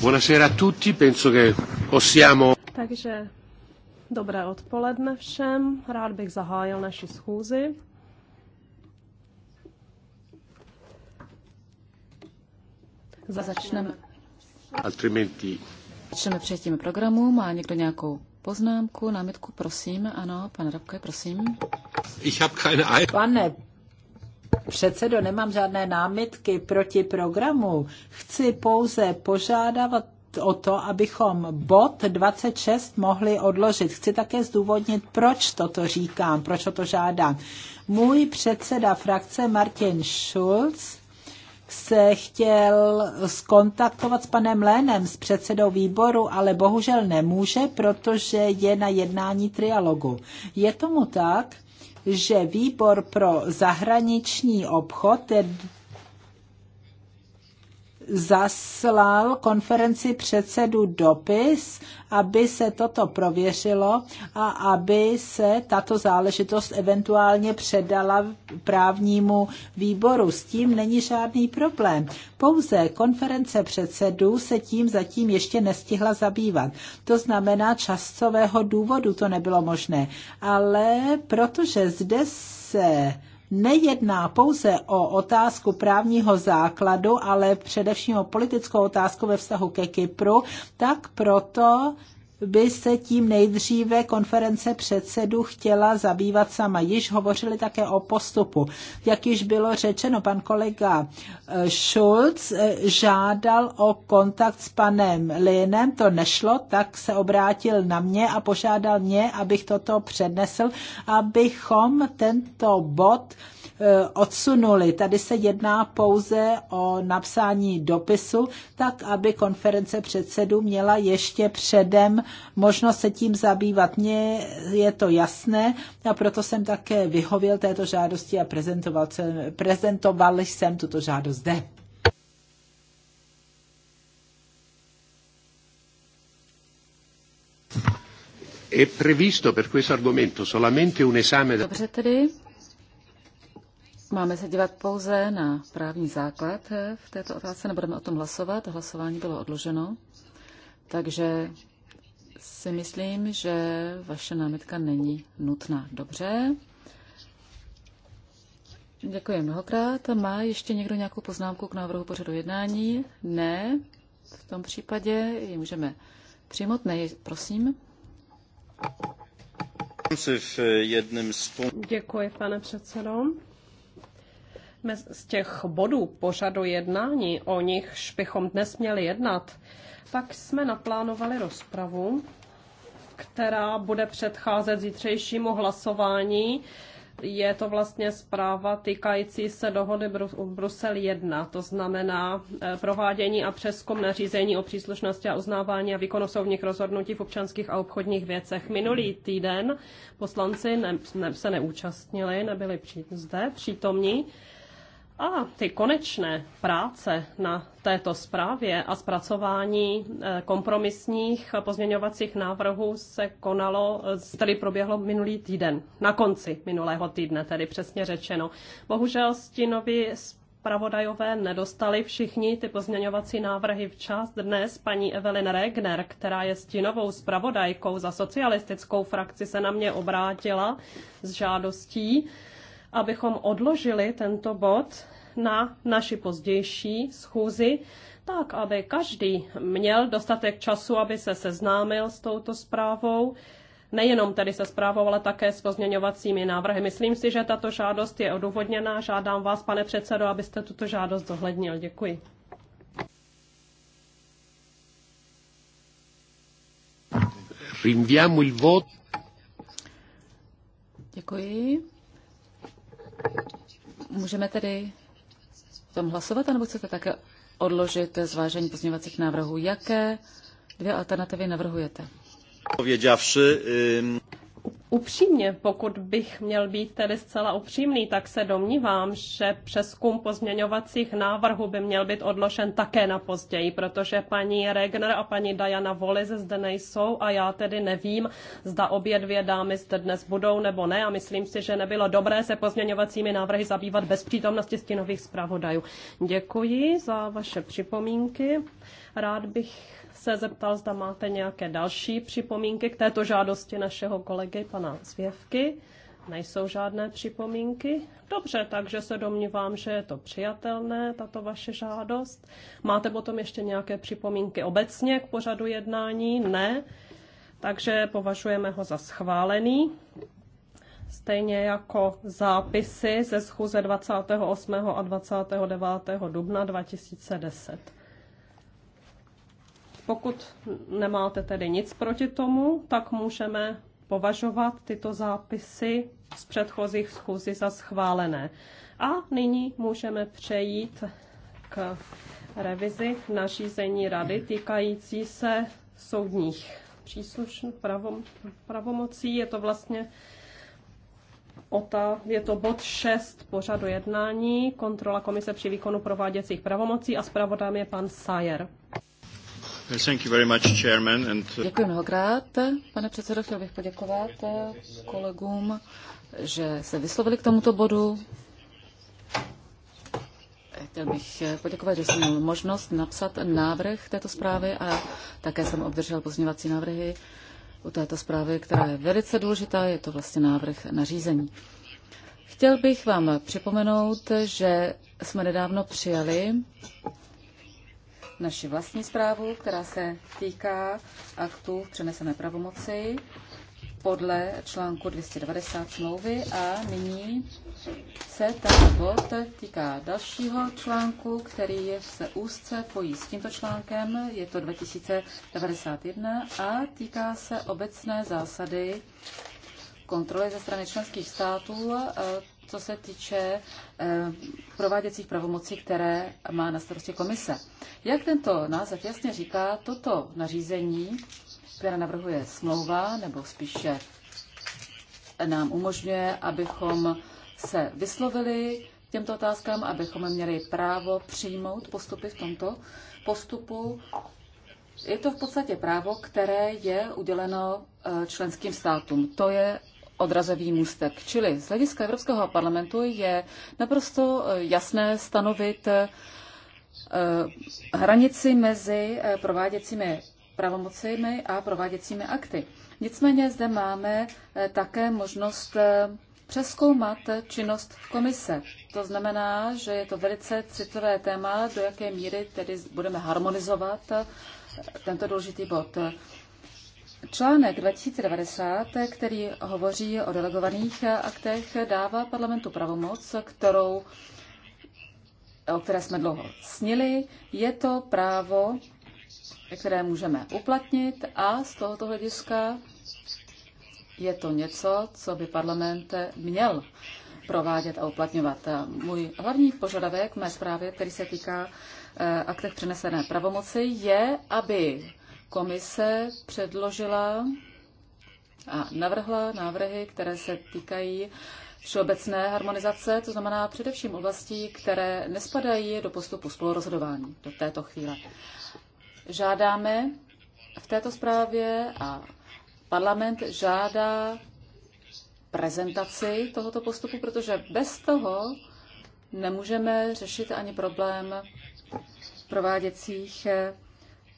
Buonasera a tutti, penso che possiamo... Takže dobré odpoledne všem, rád bych zahájil naši schůzi. Začneme. Altrimenti. Začneme předtím programu. Má někdo nějakou poznámku, námitku? Prosím, ano, pane Rabke, prosím. Ich hab keine Pane Předsedo, nemám žádné námitky proti programu. Chci pouze požádat o to, abychom bod 26 mohli odložit. Chci také zdůvodnit, proč toto říkám, proč o to žádám. Můj předseda frakce Martin Schulz se chtěl skontaktovat s panem Lénem, s předsedou výboru, ale bohužel nemůže, protože je na jednání trialogu. Je tomu tak? že výbor pro zahraniční obchod, zaslal konferenci předsedu dopis, aby se toto prověřilo a aby se tato záležitost eventuálně předala právnímu výboru. S tím není žádný problém. Pouze konference předsedů se tím zatím ještě nestihla zabývat. To znamená, časového důvodu to nebylo možné. Ale protože zde se nejedná pouze o otázku právního základu, ale především o politickou otázku ve vztahu ke Kypru, tak proto by se tím nejdříve konference předsedů chtěla zabývat sama. Již hovořili také o postupu. Jak již bylo řečeno, pan kolega eh, Schulz eh, žádal o kontakt s panem Linem, to nešlo, tak se obrátil na mě a požádal mě, abych toto přednesl, abychom tento bod Eh, odsunuli. Tady se jedná pouze o napsání dopisu, tak aby konference předsedů měla ještě předem možnost se tím zabývat. Mně je to jasné a proto jsem také vyhověl této žádosti a prezentoval, prezentoval jsem tuto žádost zde. Dobře tedy, Máme se dívat pouze na právní základ eh, v této otázce, nebudeme o tom hlasovat, hlasování bylo odloženo, takže si myslím, že vaše námitka není nutná. Dobře. Děkuji mnohokrát. Má ještě někdo nějakou poznámku k návrhu pořadu jednání? Ne. V tom případě ji můžeme přijmout. Ne, prosím. Děkuji, pane předsedo z těch bodů pořadu jednání, o nichž bychom dnes měli jednat, tak jsme naplánovali rozpravu, která bude předcházet zítřejšímu hlasování. Je to vlastně zpráva týkající se dohody Brusel 1, to znamená eh, provádění a přeskum nařízení o příslušnosti a uznávání a výkonu soudních rozhodnutí v občanských a obchodních věcech. Minulý týden poslanci ne- ne- se neúčastnili, nebyli při- zde přítomní. A ty konečné práce na této zprávě a zpracování eh, kompromisních pozměňovacích návrhů se konalo, eh, tedy proběhlo minulý týden, na konci minulého týdne, tedy přesně řečeno. Bohužel stinovi pravodajové nedostali všichni ty pozměňovací návrhy včas. Dnes paní Evelyn Regner, která je stínovou zpravodajkou za socialistickou frakci, se na mě obrátila s žádostí, abychom odložili tento bod na naši pozdější schůzi, tak aby každý měl dostatek času, aby se seznámil s touto zprávou, nejenom tedy se zprávou, ale také s pozměňovacími návrhy. Myslím si, že tato žádost je odůvodněná. Žádám vás, pane předsedo, abyste tuto žádost zohlednil. Děkuji. Rinviamo il voto. Děkuji. Můžeme tedy tom hlasovat, anebo chcete také odložit zvážení pozměňovacích návrhů? Jaké dvě alternativy navrhujete? Powiedziawszy, Upřímně, pokud bych měl být tedy zcela upřímný, tak se domnívám, že přeskum pozměňovacích návrhů by měl být odložen také na později, protože paní Regner a paní Diana Volize zde nejsou a já tedy nevím, zda obě dvě dámy zde dnes budou nebo ne a myslím si, že nebylo dobré se pozměňovacími návrhy zabývat bez přítomnosti stinových zpravodajů. Děkuji za vaše připomínky. Rád bych se zeptal, zda máte nějaké další připomínky k této žádosti našeho kolegy, pana Zvěvky. Nejsou žádné připomínky? Dobře, takže se domnívám, že je to přijatelné, tato vaše žádost. Máte potom ještě nějaké připomínky obecně k pořadu jednání? Ne. Takže považujeme ho za schválený. Stejně jako zápisy ze schůze 28. a 29. dubna 2010. Pokud nemáte tedy nic proti tomu, tak můžeme považovat tyto zápisy z předchozích schůzí za schválené. A nyní můžeme přejít k revizi nařízení rady týkající se soudních příslušných pravom, pravomocí. Je to vlastně OTA, je to bod 6 pořadu jednání, kontrola komise při výkonu prováděcích pravomocí a zpravodám je pan Sajer. Uh, Děkuji mnohokrát. Pane předsedo, chtěl bych poděkovat uh, kolegům, že se vyslovili k tomuto bodu. Chtěl bych uh, poděkovat, že jsem měl možnost napsat návrh této zprávy a také jsem obdržel pozměňovací návrhy u této zprávy, která je velice důležitá. Je to vlastně návrh nařízení. Chtěl bych vám připomenout, že jsme nedávno přijali naši vlastní zprávu, která se týká aktu v přenesené pravomoci podle článku 290 smlouvy a nyní se ten bod týká dalšího článku, který je se úzce pojí s tímto článkem, je to 2091 a týká se obecné zásady kontroly ze strany členských států co se týče eh, prováděcích pravomocí, které má na starosti komise. Jak tento název jasně říká, toto nařízení, které navrhuje smlouva, nebo spíše nám umožňuje, abychom se vyslovili k těmto otázkám, abychom měli právo přijmout postupy v tomto postupu. Je to v podstatě právo, které je uděleno eh, členským státům. To je odrazový můstek. Čili z hlediska Evropského parlamentu je naprosto eh, jasné stanovit eh, hranici mezi eh, prováděcími pravomocemi a prováděcími akty. Nicméně zde máme také možnost přeskoumat činnost komise. To znamená, že je to velice citlivé téma, do jaké míry tedy budeme harmonizovat tento důležitý bod. Článek 2090, který hovoří o delegovaných aktech, dává parlamentu pravomoc, kterou, o které jsme dlouho snili. Je to právo, které můžeme uplatnit a z tohoto hlediska je to něco, co by parlament měl provádět a uplatňovat. Můj hlavní požadavek mé zprávě, který se týká eh, aktech přenesené pravomoci, je, aby Komise předložila a navrhla návrhy, které se týkají všeobecné harmonizace, to znamená především oblastí, které nespadají do postupu spolurozhodování do této chvíle. Žádáme v této zprávě a parlament žádá prezentaci tohoto postupu, protože bez toho nemůžeme řešit ani problém prováděcích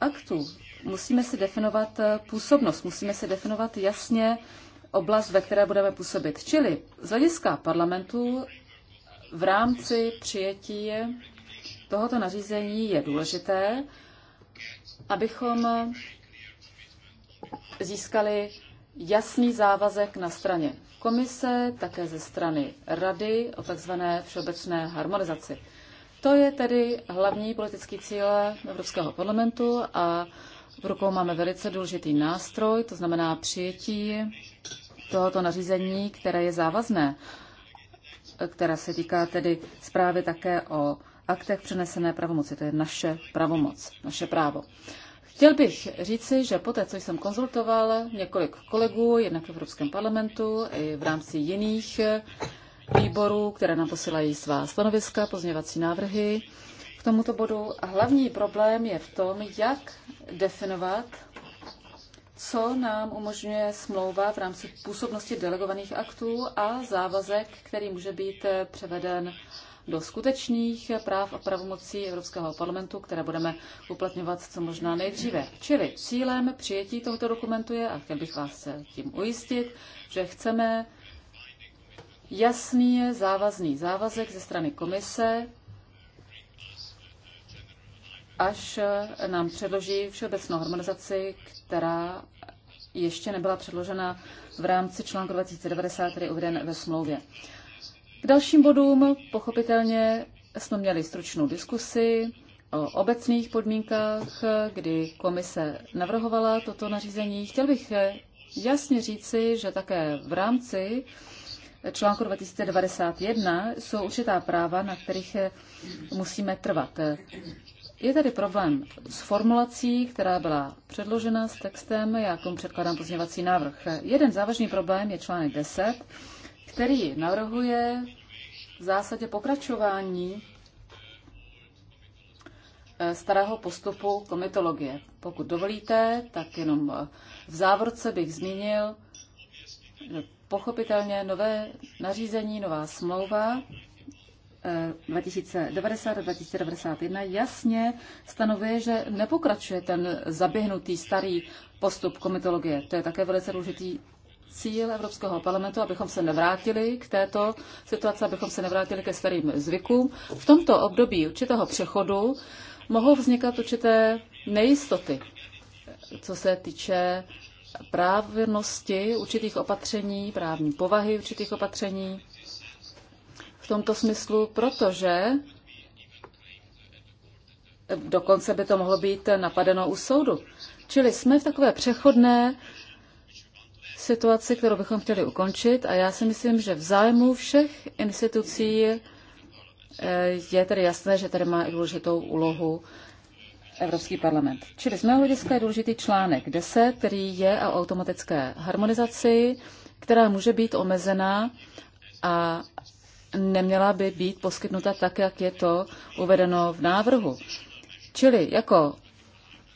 aktů musíme si definovat eh, působnost, musíme si definovat jasně oblast, ve které budeme působit. Čili z hlediska parlamentu v rámci přijetí tohoto nařízení je důležité, abychom získali jasný závazek na straně komise, také ze strany rady o tzv. všeobecné harmonizaci. To je tedy hlavní politický cíl Evropského parlamentu a v rukou máme velice důležitý nástroj, to znamená přijetí tohoto nařízení, které je závazné, které se týká tedy zprávy také o aktech přenesené pravomoci. To je naše pravomoc, naše právo. Chtěl bych říci, že poté, co jsem konzultoval několik kolegů, jednak v Evropském parlamentu i v rámci jiných výborů, které nám posílají svá stanoviska, pozměvací návrhy, k tomuto bodu. A hlavní problém je v tom, jak definovat, co nám umožňuje smlouva v rámci působnosti delegovaných aktů a závazek, který může být převeden do skutečných práv a pravomocí Evropského parlamentu, které budeme uplatňovat co možná nejdříve. Čili cílem přijetí tohoto dokumentu je, a chtěl bych vás se tím ujistit, že chceme jasný závazný závazek ze strany komise, až nám předloží všeobecnou harmonizaci, která ještě nebyla předložena v rámci článku 2090, který je uveden ve smlouvě. K dalším bodům pochopitelně jsme měli stručnou diskusi o obecných podmínkách, kdy komise navrhovala toto nařízení. Chtěl bych jasně říci, že také v rámci článku 2091 jsou určitá práva, na kterých musíme trvat. Je tady problém s formulací, která byla předložena s textem, já tomu předkládám pozměňovací návrh. Jeden závažný problém je článek 10, který navrhuje v zásadě pokračování eh, starého postupu komitologie. Pokud dovolíte, tak jenom eh, v závorce bych zmínil eh, pochopitelně nové nařízení, nová smlouva 2090 a 2091 jasně stanovuje, že nepokračuje ten zaběhnutý starý postup komitologie. To je také velice důležitý cíl Evropského parlamentu, abychom se nevrátili k této situaci, abychom se nevrátili ke starým zvykům. V tomto období určitého přechodu mohou vznikat určité nejistoty, co se týče právnosti určitých opatření, právní povahy určitých opatření tomto smyslu, protože dokonce by to mohlo být napadeno u soudu. Čili jsme v takové přechodné situaci, kterou bychom chtěli ukončit a já si myslím, že v zájmu všech institucí eh, je tedy jasné, že tady má i důležitou úlohu Evropský parlament. Čili z mého hlediska je důležitý článek 10, který je o automatické harmonizaci, která může být omezená a neměla by být poskytnuta tak, jak je to uvedeno v návrhu. Čili jako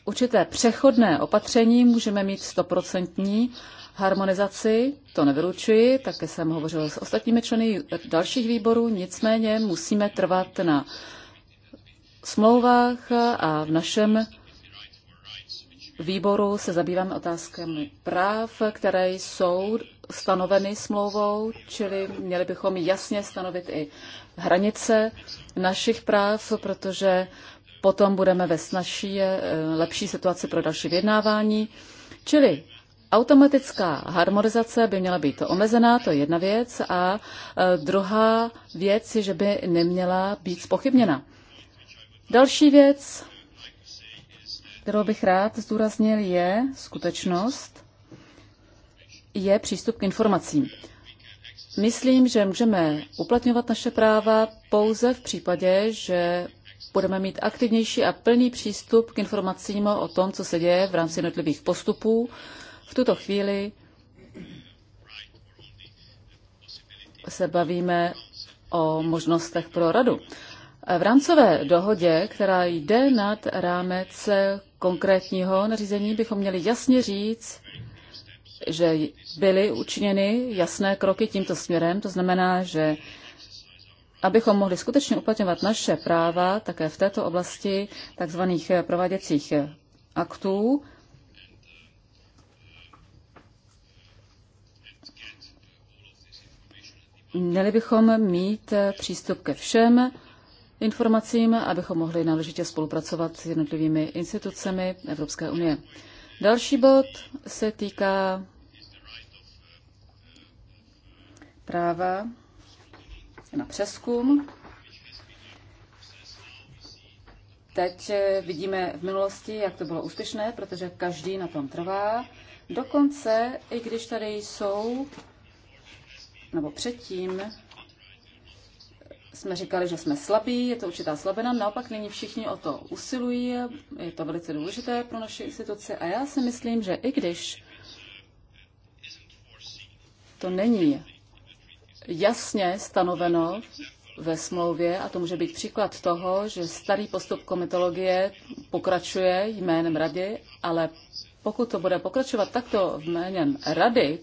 určité přechodné opatření můžeme mít stoprocentní harmonizaci, to nevylučuji, také jsem hovořila s ostatními členy dalších výborů, nicméně musíme trvat na smlouvách a v našem výboru se zabýváme otázkami práv, které jsou stanoveny smlouvou, čili měli bychom jasně stanovit i hranice našich práv, protože potom budeme ve snažší, eh, lepší situaci pro další vyjednávání. Čili automatická harmonizace by měla být omezená, to je jedna věc, a eh, druhá věc je, že by neměla být spochybněna. Další věc, kterou bych rád zdůraznil, je skutečnost, je přístup k informacím. Myslím, že můžeme uplatňovat naše práva pouze v případě, že budeme mít aktivnější a plný přístup k informacím o tom, co se děje v rámci jednotlivých postupů. V tuto chvíli se bavíme o možnostech pro radu. V rámcové dohodě, která jde nad rámec konkrétního nařízení bychom měli jasně říct, že byly učiněny jasné kroky tímto směrem. To znamená, že abychom mohli skutečně uplatňovat naše práva také v této oblasti takzvaných prováděcích aktů, měli bychom mít přístup ke všem informacím, abychom mohli náležitě spolupracovat s jednotlivými institucemi Evropské unie. Další bod se týká práva na přeskum. Teď vidíme v minulosti, jak to bylo úspěšné, protože každý na tom trvá. Dokonce, i když tady jsou, nebo předtím, jsme říkali, že jsme slabí, je to určitá slabina, naopak nyní všichni o to usilují, je to velice důležité pro naše instituce a já si myslím, že i když to není jasně stanoveno ve smlouvě a to může být příklad toho, že starý postup komitologie pokračuje jménem rady, ale pokud to bude pokračovat takto v jménem rady,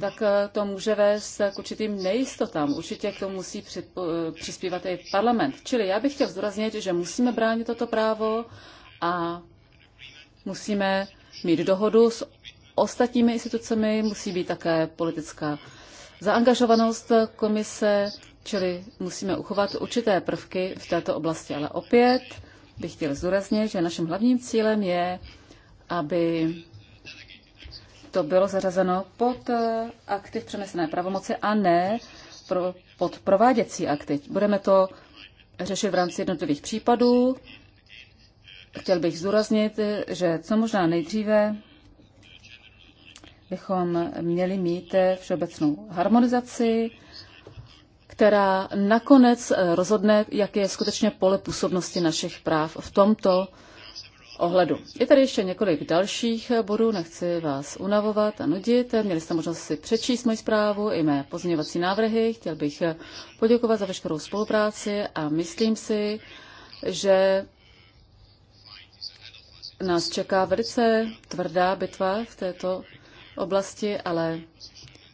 tak eh, to může vést k určitým nejistotám. Určitě k tomu musí eh, přispívat i parlament. Čili já bych chtěl zdůraznit, že musíme bránit toto právo a musíme mít dohodu s ostatními institucemi, musí být také politická zaangažovanost komise, čili musíme uchovat určité prvky v této oblasti. Ale opět bych chtěl zdůraznit, že naším hlavním cílem je, aby to bylo zařazeno pod eh, akty v přenesené pravomoci a ne pro, pod prováděcí akty. Budeme to řešit v rámci jednotlivých případů. Chtěl bych zdůraznit, eh, že co možná nejdříve bychom měli mít eh, všeobecnou harmonizaci, která nakonec rozhodne, jaké je skutečně pole působnosti našich práv. V tomto ohledu. Je tady ještě několik dalších bodů, nechci vás unavovat a nudit. Měli jste možnost si přečíst moji zprávu i mé pozměňovací návrhy. Chtěl bych poděkovat za veškerou spolupráci a myslím si, že nás čeká velice tvrdá bitva v této oblasti, ale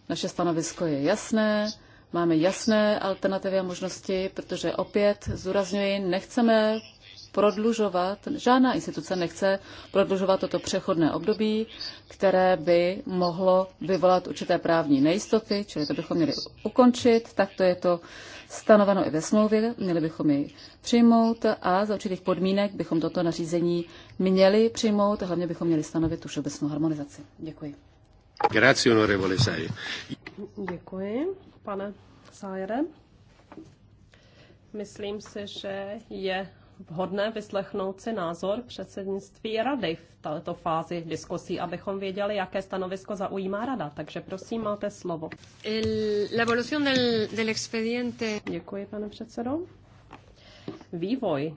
naše stanovisko je jasné, máme jasné alternativy a možnosti, protože opět zúrazňuji, nechceme prodlužovat, žádná instituce nechce prodlužovat toto přechodné období, které by mohlo vyvolat určité právní nejistoty, čili to bychom měli ukončit, tak to je to stanoveno i ve smlouvě, měli bychom ji přijmout a za určitých podmínek bychom toto nařízení měli přijmout a hlavně bychom měli stanovit tu všeobecnou harmonizaci. Děkuji. Grazie, onorevole Sajer. Děkuji, pane Sajere. Myslím si, že je vhodné vyslechnout si názor předsednictví rady v této fázi diskusí, abychom věděli, jaké stanovisko zaujímá rada. Takže prosím, máte slovo. El, del, del expediente. Děkuji, pane předsedo. Vývoj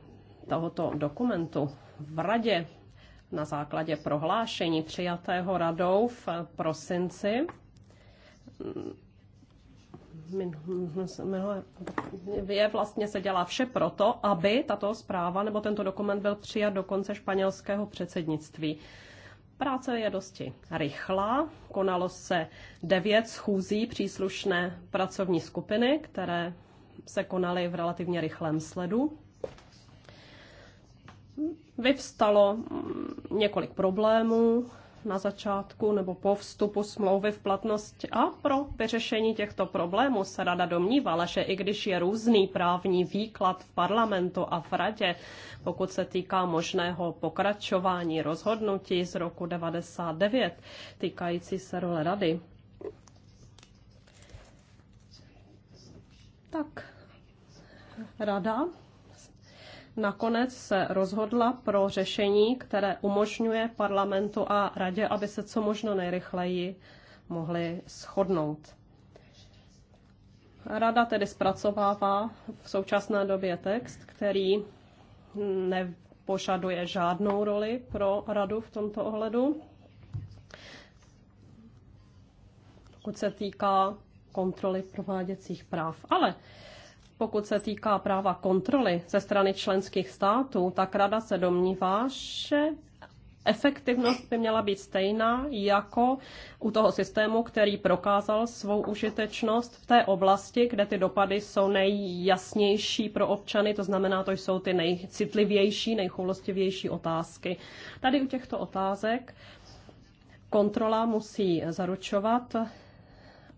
tohoto dokumentu v radě na základě prohlášení přijatého radou v prosinci je vlastně se dělá vše proto, aby tato zpráva nebo tento dokument byl přijat do konce španělského předsednictví. Práce je dosti rychlá. Konalo se devět schůzí příslušné pracovní skupiny, které se konaly v relativně rychlém sledu. Vyvstalo mm, několik problémů, na začátku nebo po vstupu smlouvy v platnost a pro vyřešení těchto problémů se rada domnívala, že i když je různý právní výklad v parlamentu a v radě, pokud se týká možného pokračování rozhodnutí z roku 99 týkající se role rady, tak rada nakonec se rozhodla pro řešení, které umožňuje parlamentu a radě, aby se co možno nejrychleji mohli shodnout. Rada tedy zpracovává v současné době text, který nepožaduje žádnou roli pro radu v tomto ohledu. Pokud se týká kontroly prováděcích práv. Ale pokud se týká práva kontroly ze strany členských států, tak Rada se domnívá, že efektivnost by měla být stejná jako u toho systému, který prokázal svou užitečnost v té oblasti, kde ty dopady jsou nejjasnější pro občany, to znamená, to jsou ty nejcitlivější, nejchulostivější otázky. Tady u těchto otázek kontrola musí zaručovat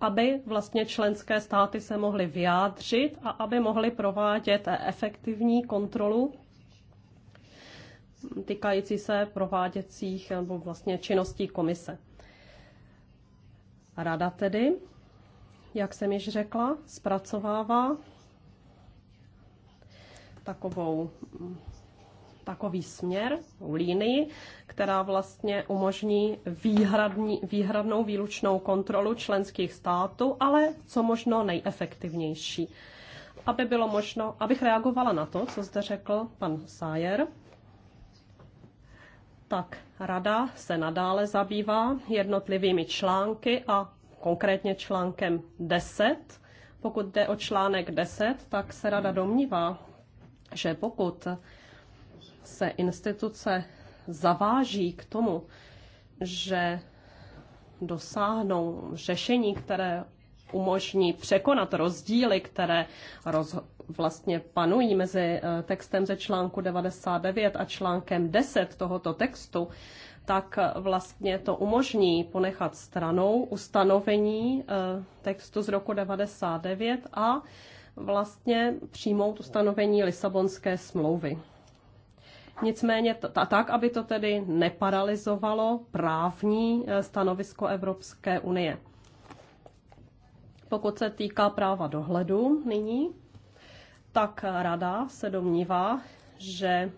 aby vlastně členské státy se mohly vyjádřit a aby mohly provádět efektivní kontrolu týkající se prováděcích nebo vlastně činností komise. Rada tedy, jak jsem již řekla, zpracovává takovou takový směr, línii, která vlastně umožní výhradní, výhradnou výlučnou kontrolu členských států, ale co možno nejefektivnější. Aby bylo možno, abych reagovala na to, co zde řekl pan Sájer, tak rada se nadále zabývá jednotlivými články a konkrétně článkem 10. Pokud jde o článek 10, tak se rada domnívá, že pokud se instituce zaváží k tomu, že dosáhnou řešení, které umožní překonat rozdíly, které roz, vlastně panují mezi eh, textem ze článku 99 a článkem 10 tohoto textu, tak eh, vlastně to umožní ponechat stranou ustanovení eh, textu z roku 99 a vlastně přijmout ustanovení Lisabonské smlouvy. Nicméně tak, aby to tedy neparalizovalo právní eh, stanovisko Evropské unie. Pokud se týká práva dohledu nyní, tak rada se domnívá, že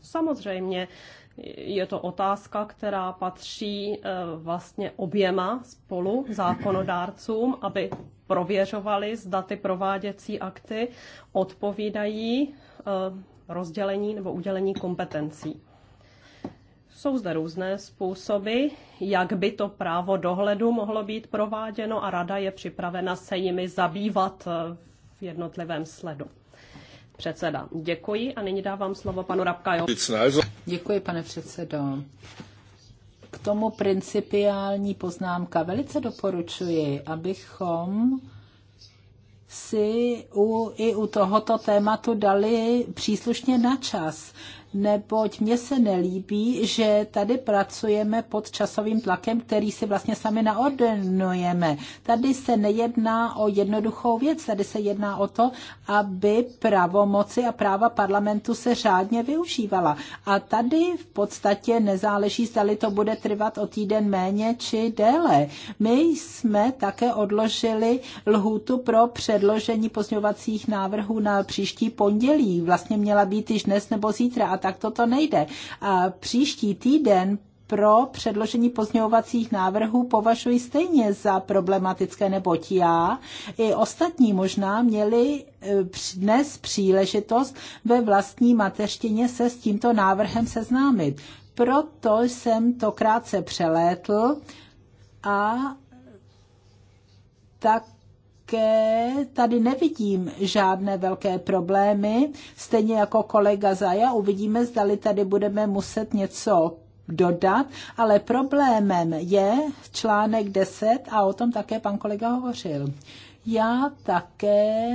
samozřejmě je to otázka, která patří eh, vlastně oběma spolu zákonodárcům, aby prověřovali, zda ty prováděcí akty odpovídají eh, rozdělení nebo udělení kompetencí. Jsou zde různé způsoby, jak by to právo dohledu mohlo být prováděno a rada je připravena se jimi zabývat v jednotlivém sledu. Předseda, děkuji a nyní dávám slovo panu Rabkajo. Děkuji, pane předsedo. K tomu principiální poznámka. Velice doporučuji, abychom si u, i u tohoto tématu dali příslušně na čas neboť mně se nelíbí, že tady pracujeme pod časovým tlakem, který si vlastně sami naordinujeme. Tady se nejedná o jednoduchou věc, tady se jedná o to, aby pravomoci a práva parlamentu se řádně využívala. A tady v podstatě nezáleží, zdali to bude trvat o týden méně či déle. My jsme také odložili lhůtu pro předložení pozňovacích návrhů na příští pondělí. Vlastně měla být již dnes nebo zítra a tak toto nejde. A příští týden pro předložení pozměňovacích návrhů považuji stejně za problematické, neboť já i ostatní možná měli e, dnes příležitost ve vlastní mateřtině se s tímto návrhem seznámit. Proto jsem to krátce přelétl a tak také tady nevidím žádné velké problémy. Stejně jako kolega Zaja, uvidíme, zdali tady budeme muset něco dodat, ale problémem je článek 10 a o tom také pan kolega hovořil. Já také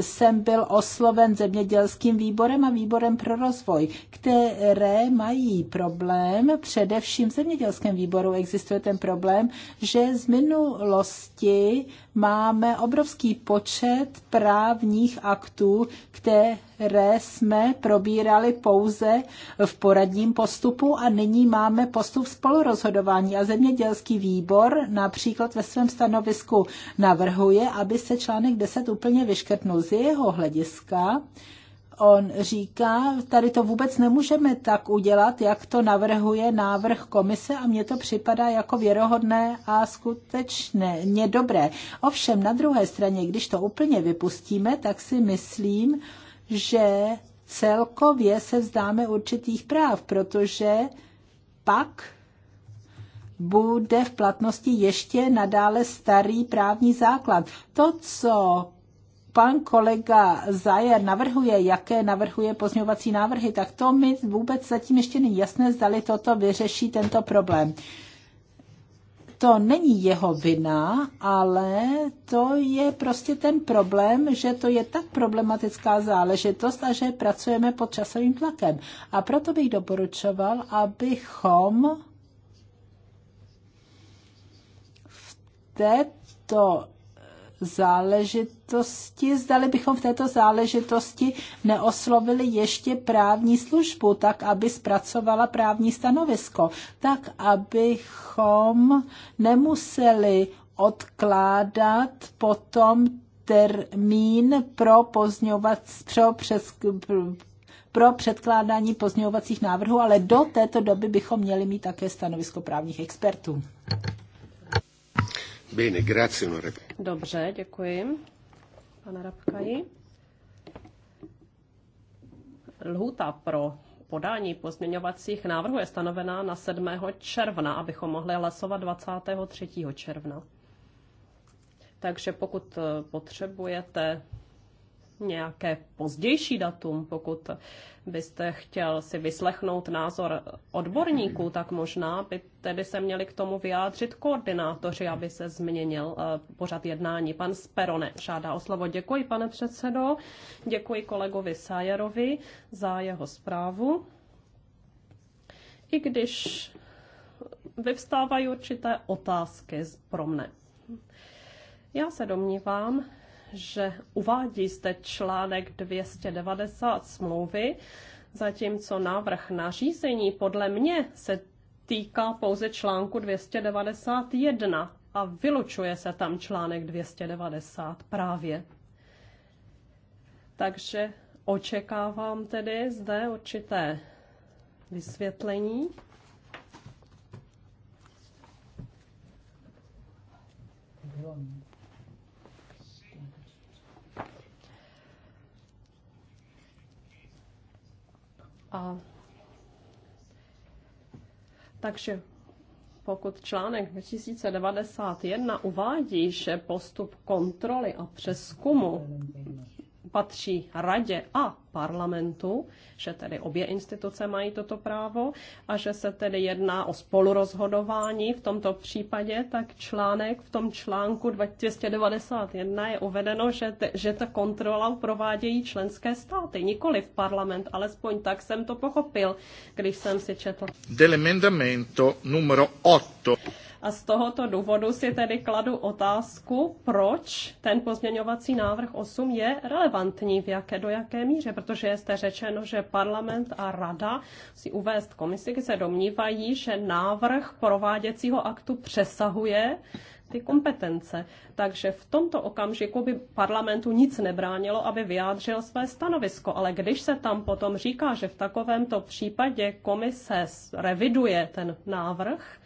jsem byl osloven zemědělským výborem a výborem pro rozvoj, které mají problém, především v zemědělském výboru existuje ten problém, že z minulosti máme obrovský počet právních aktů, které jsme probírali pouze v poradním postupu a nyní máme postup spolurozhodování. A zemědělský výbor například ve svém stanovisku navrhuje, aby se článek 10 úplně vyškrtnul z jeho hlediska On říká, tady to vůbec nemůžeme tak udělat, jak to navrhuje návrh komise a mně to připadá jako věrohodné a skutečné, nedobré. Ovšem na druhé straně, když to úplně vypustíme, tak si myslím, že celkově se vzdáme určitých práv, protože pak bude v platnosti ještě nadále starý právní základ. To, co pan kolega Zajer navrhuje, jaké navrhuje pozměňovací návrhy, tak to mi vůbec zatím ještě není jasné, zdali toto vyřeší tento problém. To není jeho vina, ale to je prostě ten problém, že to je tak problematická záležitost a že pracujeme pod časovým tlakem. A proto bych doporučoval, abychom v této záležitosti, zdali bychom v této záležitosti neoslovili ještě právní službu, tak aby zpracovala právní stanovisko, tak abychom nemuseli odkládat potom termín pro, pozňovat, pro, přes, pro předkládání pozměňovacích návrhů, ale do této doby bychom měli mít také stanovisko právních expertů. Bene, grazie, onorevole. Dobře, děkuji. Pane Rabkaji. Lhuta pro podání pozměňovacích návrhů je stanovená na 7. června, abychom mohli hlasovat 23. června. Takže pokud eh, potřebujete nějaké pozdější datum, pokud byste chtěl si vyslechnout názor odborníků, tak možná by tedy se měli k tomu vyjádřit koordinátoři, aby se změnil eh, pořad jednání. Pan Sperone žádá o slovo. Děkuji, pane předsedo. Děkuji kolegovi Sajerovi za jeho zprávu. I když vyvstávají určité otázky pro mne. Já se domnívám, že uvádí zde článek 290 smlouvy, zatímco návrh nařízení podle mě se týká pouze článku 291 a vylučuje se tam článek 290 právě. Takže očekávám tedy zde určité vysvětlení. Gracias. A takže pokud článek 2091 uvádí, že postup kontroly a přeskumu patří radě a parlamentu, že tedy obě instituce mají toto právo a že se tedy jedná o spolurozhodování v tomto případě, tak článek v tom článku 291 je uvedeno, že, te, že ta kontrola provádějí členské státy, nikoli v parlament, alespoň tak jsem to pochopil, když jsem si četl. Dell'emendamento numero 8. A z tohoto důvodu si tedy kladu otázku, proč ten pozměňovací návrh 8 je relevantní, v jaké, do jaké míře, protože jste řečeno, že parlament a rada si uvést komisi, kdy se domnívají, že návrh prováděcího aktu přesahuje ty kompetence. Takže v tomto okamžiku by parlamentu nic nebránilo, aby vyjádřil své stanovisko. Ale když se tam potom říká, že v takovémto případě komise reviduje ten návrh,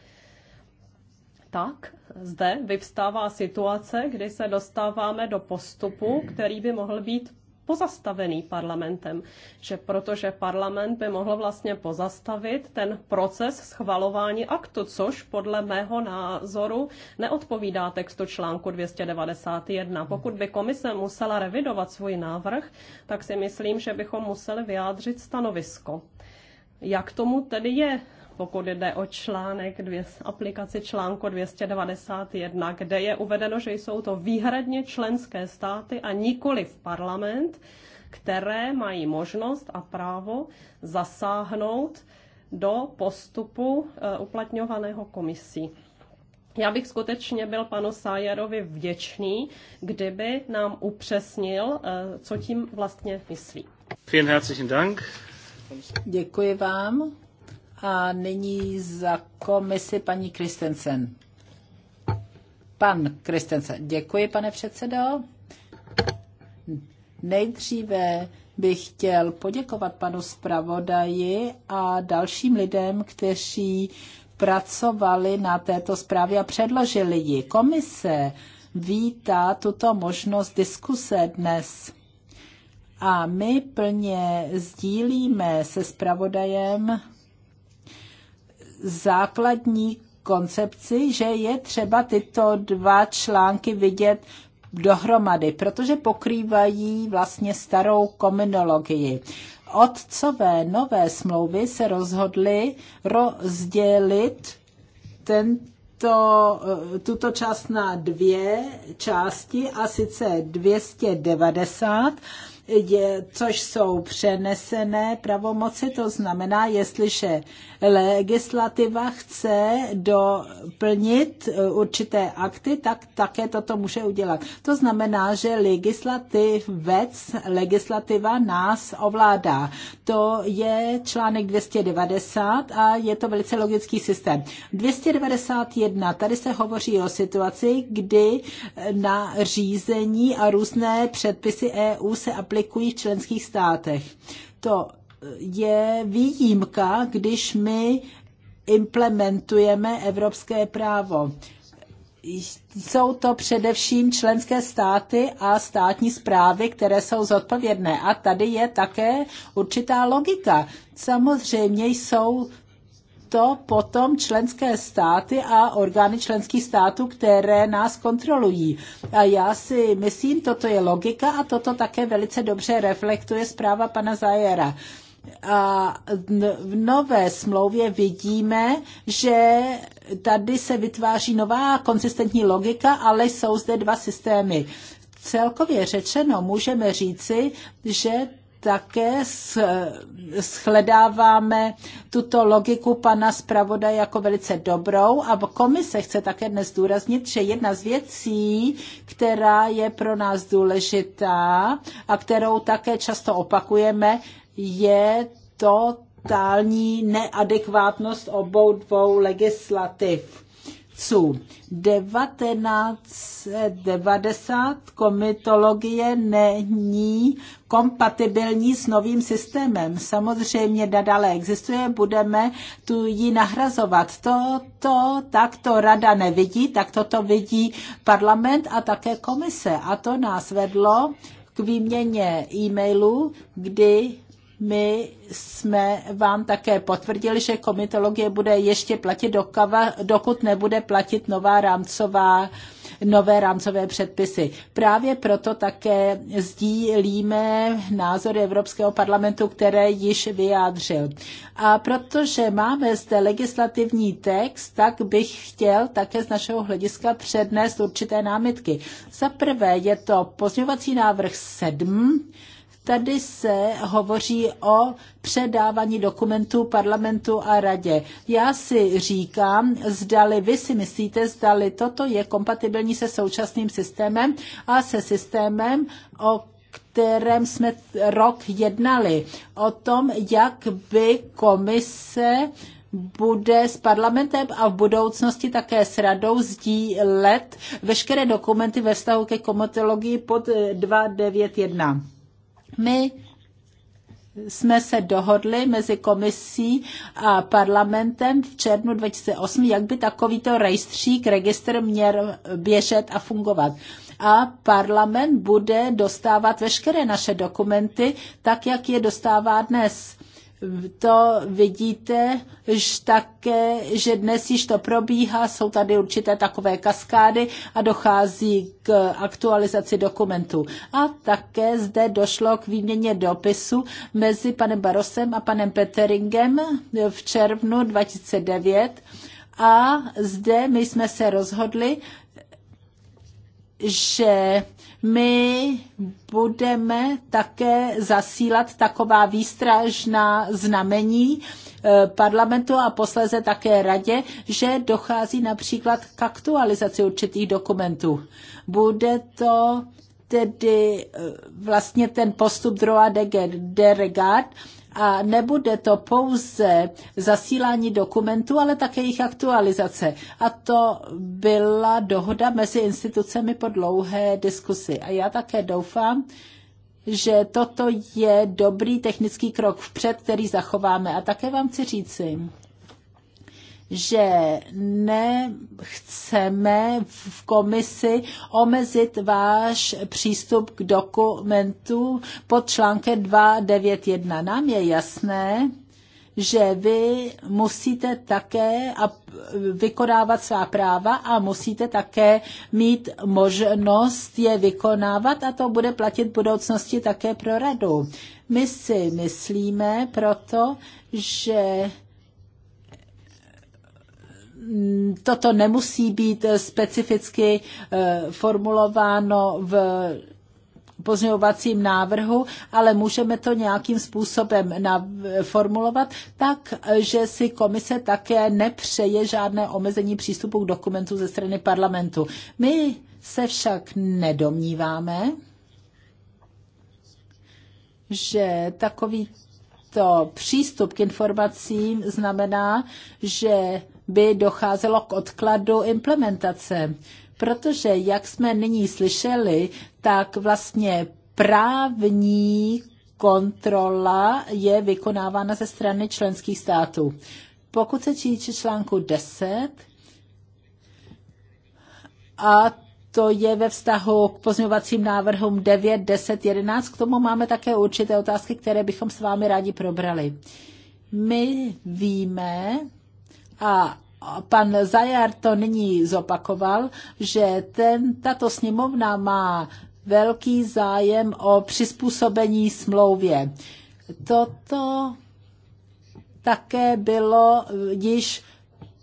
tak zde vyvstává situace, kdy se dostáváme do postupu, který by mohl být pozastavený parlamentem, že protože parlament by mohl vlastně pozastavit ten proces schvalování aktu, což podle mého názoru neodpovídá textu článku 291. Pokud by komise musela revidovat svůj návrh, tak si myslím, že bychom museli vyjádřit stanovisko. Jak tomu tedy je? pokud jde o článek dvě, aplikaci článku 291, kde je uvedeno, že jsou to výhradně členské státy a nikoli v parlament, které mají možnost a právo zasáhnout do postupu eh, uplatňovaného komisí. Já bych skutečně byl panu Sájerovi vděčný, kdyby nám upřesnil, eh, co tím vlastně myslí. Vielen herzlichen Dank. Děkuji vám. A nyní za komisi paní Kristensen. Pan Kristensen, děkuji, pane předsedo. Nejdříve bych chtěl poděkovat panu zpravodaji a dalším lidem, kteří pracovali na této zprávě a předložili ji. Komise vítá tuto možnost diskuse dnes. A my plně sdílíme se zpravodajem základní koncepci, že je třeba tyto dva články vidět dohromady, protože pokrývají vlastně starou kominologii. Otcové nové smlouvy se rozhodly rozdělit tento, eh, tuto část na dvě části, a sice 290 je, což jsou přenesené pravomoci, to znamená, jestliže legislativa chce doplnit eh, určité akty, tak také toto může udělat. To znamená, že legislativec, legislativa nás ovládá. To je článek 290 a je to velice logický systém. 291, tady se hovoří o situaci, kdy na řízení a různé předpisy EU se aplikují aplikují v členských státech. To je výjimka, když my implementujeme evropské právo. Jsou to především členské státy a státní zprávy, které jsou zodpovědné. A tady je také určitá logika. Samozřejmě jsou to potom členské státy a orgány členských států, které nás kontrolují. A já si myslím, toto je logika a toto také velice dobře reflektuje zpráva pana Zajera. A v nové smlouvě vidíme, že tady se vytváří nová konsistentní logika, ale jsou zde dva systémy celkově řečeno můžeme říci, že také shledáváme tuto logiku pana zpravodaje jako velice dobrou a komise chce také dnes zdůraznit, že jedna z věcí, která je pro nás důležitá a kterou také často opakujeme, je totální neadekvátnost obou dvou legislativ vědců. 1990 komitologie není kompatibilní s novým systémem. Samozřejmě nadále existuje, budeme tu ji nahrazovat. To, to, tak to rada nevidí, tak toto vidí parlament a také komise. A to nás vedlo k výměně e-mailů, kdy my jsme vám také potvrdili, že komitologie bude ještě platit, dokud nebude platit nová rámcová nové rámcové předpisy. Právě proto také sdílíme názory Evropského parlamentu, které již vyjádřil. A protože máme zde legislativní text, tak bych chtěl také z našeho hlediska přednést určité námitky. Za prvé je to pozměňovací návrh 7, Tady se hovoří o předávání dokumentů parlamentu a radě. Já si říkám, zdali vy si myslíte, zdali toto je kompatibilní se současným systémem a se systémem, o kterém jsme rok jednali, o tom, jak by komise bude s parlamentem a v budoucnosti také s radou sdílet veškeré dokumenty ve vztahu ke komatologii pod 291. Eh, my jsme se dohodli mezi komisí a parlamentem v červnu 2008, jak by takovýto rejstřík, registr měl běžet a fungovat. A parlament bude dostávat veškeré naše dokumenty, tak jak je dostává dnes to vidíte že také, že dnes již to probíhá, jsou tady určité takové kaskády a dochází k aktualizaci dokumentů. A také zde došlo k výměně dopisu mezi panem Barosem a panem Peteringem v červnu 2009 a zde my jsme se rozhodli, že my budeme také zasílat taková výstražná znamení eh, parlamentu a posléze také radě, že dochází například k aktualizaci určitých dokumentů. Bude to tedy eh, vlastně ten postup droit de regard, a nebude to pouze zasílání dokumentů, ale také jejich aktualizace. A to byla dohoda mezi institucemi po dlouhé diskusi. A já také doufám, že toto je dobrý technický krok vpřed, který zachováme. A také vám chci říci, že nechceme v komisi omezit váš přístup k dokumentu pod článkem 291. Nám je jasné, že vy musíte také vykonávat svá práva a musíte také mít možnost je vykonávat a to bude platit v budoucnosti také pro radu. My si myslíme proto, že toto nemusí být eh, specificky eh, formulováno v pozměňovacím návrhu, ale můžeme to nějakým způsobem formulovat tak, že si komise také nepřeje žádné omezení přístupu k dokumentu ze strany parlamentu. My se však nedomníváme, že takový to přístup k informacím znamená, že by docházelo k odkladu implementace. Protože, jak jsme nyní slyšeli, tak vlastně právní kontrola je vykonávána ze strany členských států. Pokud se týče článku 10, a to je ve vztahu k pozměňovacím návrhům 9, 10, 11. K tomu máme také určité otázky, které bychom s vámi rádi probrali. My víme, a pan Zajar to nyní zopakoval, že ten, tato sněmovna má velký zájem o přizpůsobení smlouvě. Toto také bylo již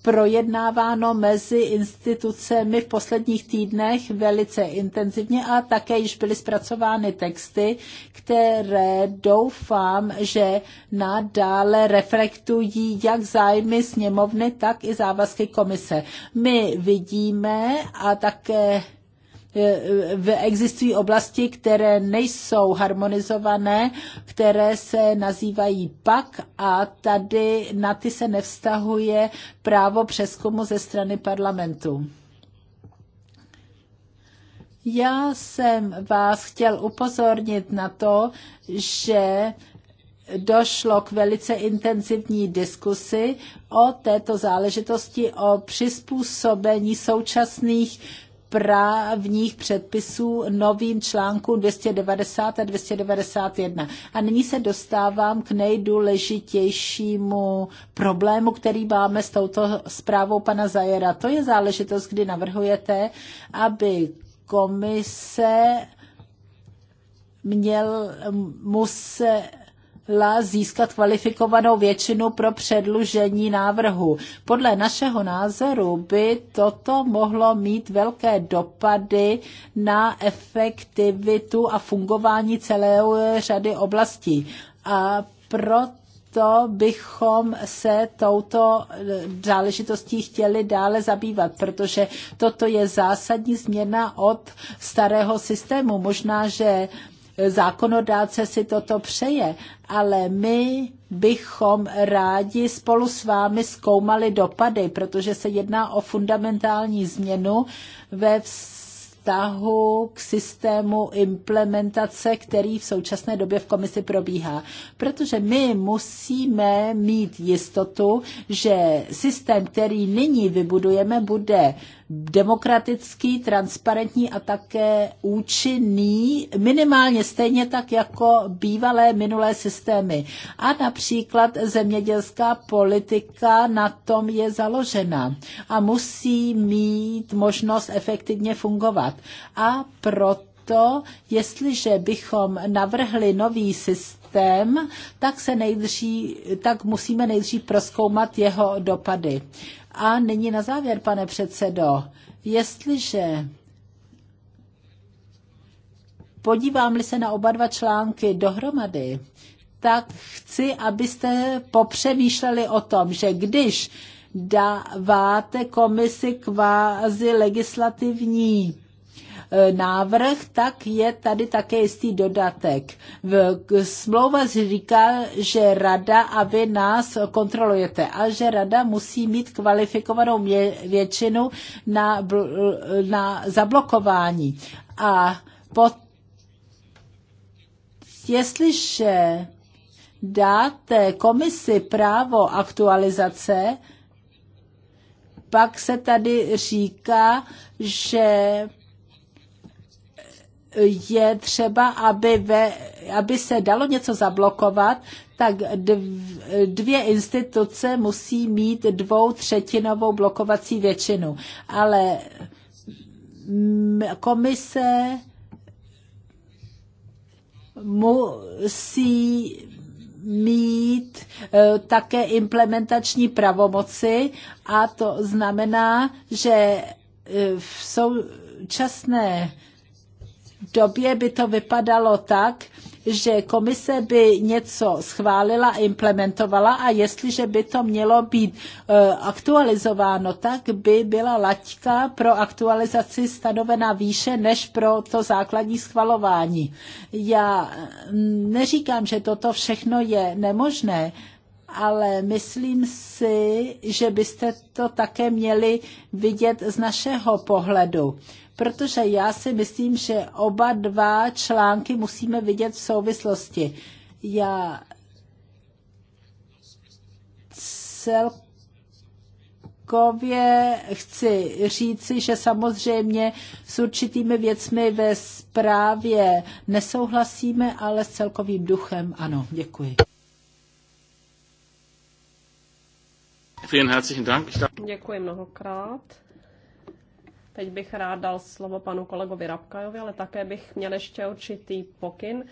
projednáváno mezi institucemi v posledních týdnech velice intenzivně a také již byly zpracovány texty, které doufám, že nadále reflektují jak zájmy sněmovny, tak i závazky komise. My vidíme a také Eh, existují oblasti, které nejsou harmonizované, které se nazývají pak a tady na ty se nevztahuje právo přeskumu ze strany parlamentu. Já jsem vás chtěl upozornit na to, že došlo k velice intenzivní diskusi o této záležitosti, o přizpůsobení současných právních předpisů novým článku 290 a 291. A nyní se dostávám k nejdůležitějšímu problému, který máme s touto zprávou pana Zajera. To je záležitost, kdy navrhujete, aby komise měl, musel získat kvalifikovanou většinu pro předlužení návrhu. Podle našeho názoru by toto mohlo mít velké dopady na efektivitu a fungování celé řady oblastí. A proto bychom se touto záležitostí chtěli dále zabývat, protože toto je zásadní změna od starého systému. Možná, že zákonodáce si toto přeje, ale my bychom rádi spolu s vámi zkoumali dopady, protože se jedná o fundamentální změnu ve vztahu k systému implementace, který v současné době v komisi probíhá. Protože my musíme mít jistotu, že systém, který nyní vybudujeme, bude demokratický, transparentní a také účinný, minimálně stejně tak jako bývalé minulé systémy. A například zemědělská politika na tom je založena a musí mít možnost efektivně fungovat. A proto, jestliže bychom navrhli nový systém, tak, se nejdří, tak musíme nejdřív proskoumat jeho dopady. A nyní na závěr, pane předsedo, jestliže podívám-li se na oba dva články dohromady, tak chci, abyste popřemýšleli o tom, že když dáváte komisi kvázi legislativní Eh, návrh, tak je tady také jistý dodatek. V smlouva říká, že rada a vy nás kontrolujete a že rada musí mít kvalifikovanou většinu na, na zablokování. A po, jestliže dáte komisi právo aktualizace, pak se tady říká, že je třeba, aby, ve, aby se dalo něco zablokovat, tak dvě instituce musí mít dvou třetinovou blokovací většinu. Ale komise musí mít e, také implementační pravomoci a to znamená, že e, v současné době by to vypadalo tak, že komise by něco schválila, implementovala a jestliže by to mělo být e, aktualizováno, tak by byla laťka pro aktualizaci stanovena výše než pro to základní schvalování. Já neříkám, že toto všechno je nemožné, ale myslím si, že byste to také měli vidět z našeho pohledu protože já si myslím, že oba dva články musíme vidět v souvislosti. Já celkově chci říci, že samozřejmě s určitými věcmi ve zprávě nesouhlasíme, ale s celkovým duchem ano. Děkuji. Děkuji mnohokrát. Teď bych rád dal slovo panu kolegovi Rabkajovi, ale také bych měl ještě určitý pokyn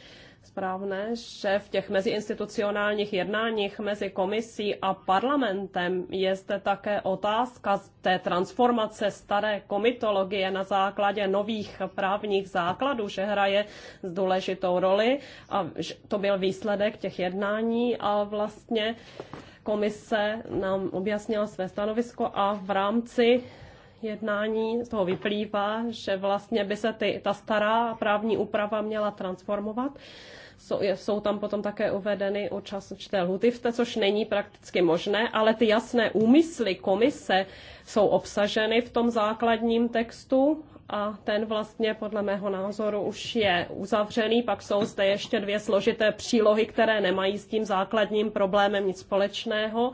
správné, že v těch meziinstitucionálních jednáních mezi komisí a parlamentem je zde také otázka té transformace staré komitologie na základě nových právních základů, že hraje s důležitou roli a to byl výsledek těch jednání a vlastně komise nám objasnila své stanovisko a v rámci jednání z toho vyplývá, že vlastně by se ty, ta stará právní úprava měla transformovat. Jsou, jsou tam potom také uvedeny určité lhuty, což není prakticky možné, ale ty jasné úmysly komise jsou obsaženy v tom základním textu a ten vlastně podle mého názoru už je uzavřený. Pak jsou zde ještě dvě složité přílohy, které nemají s tím základním problémem nic společného.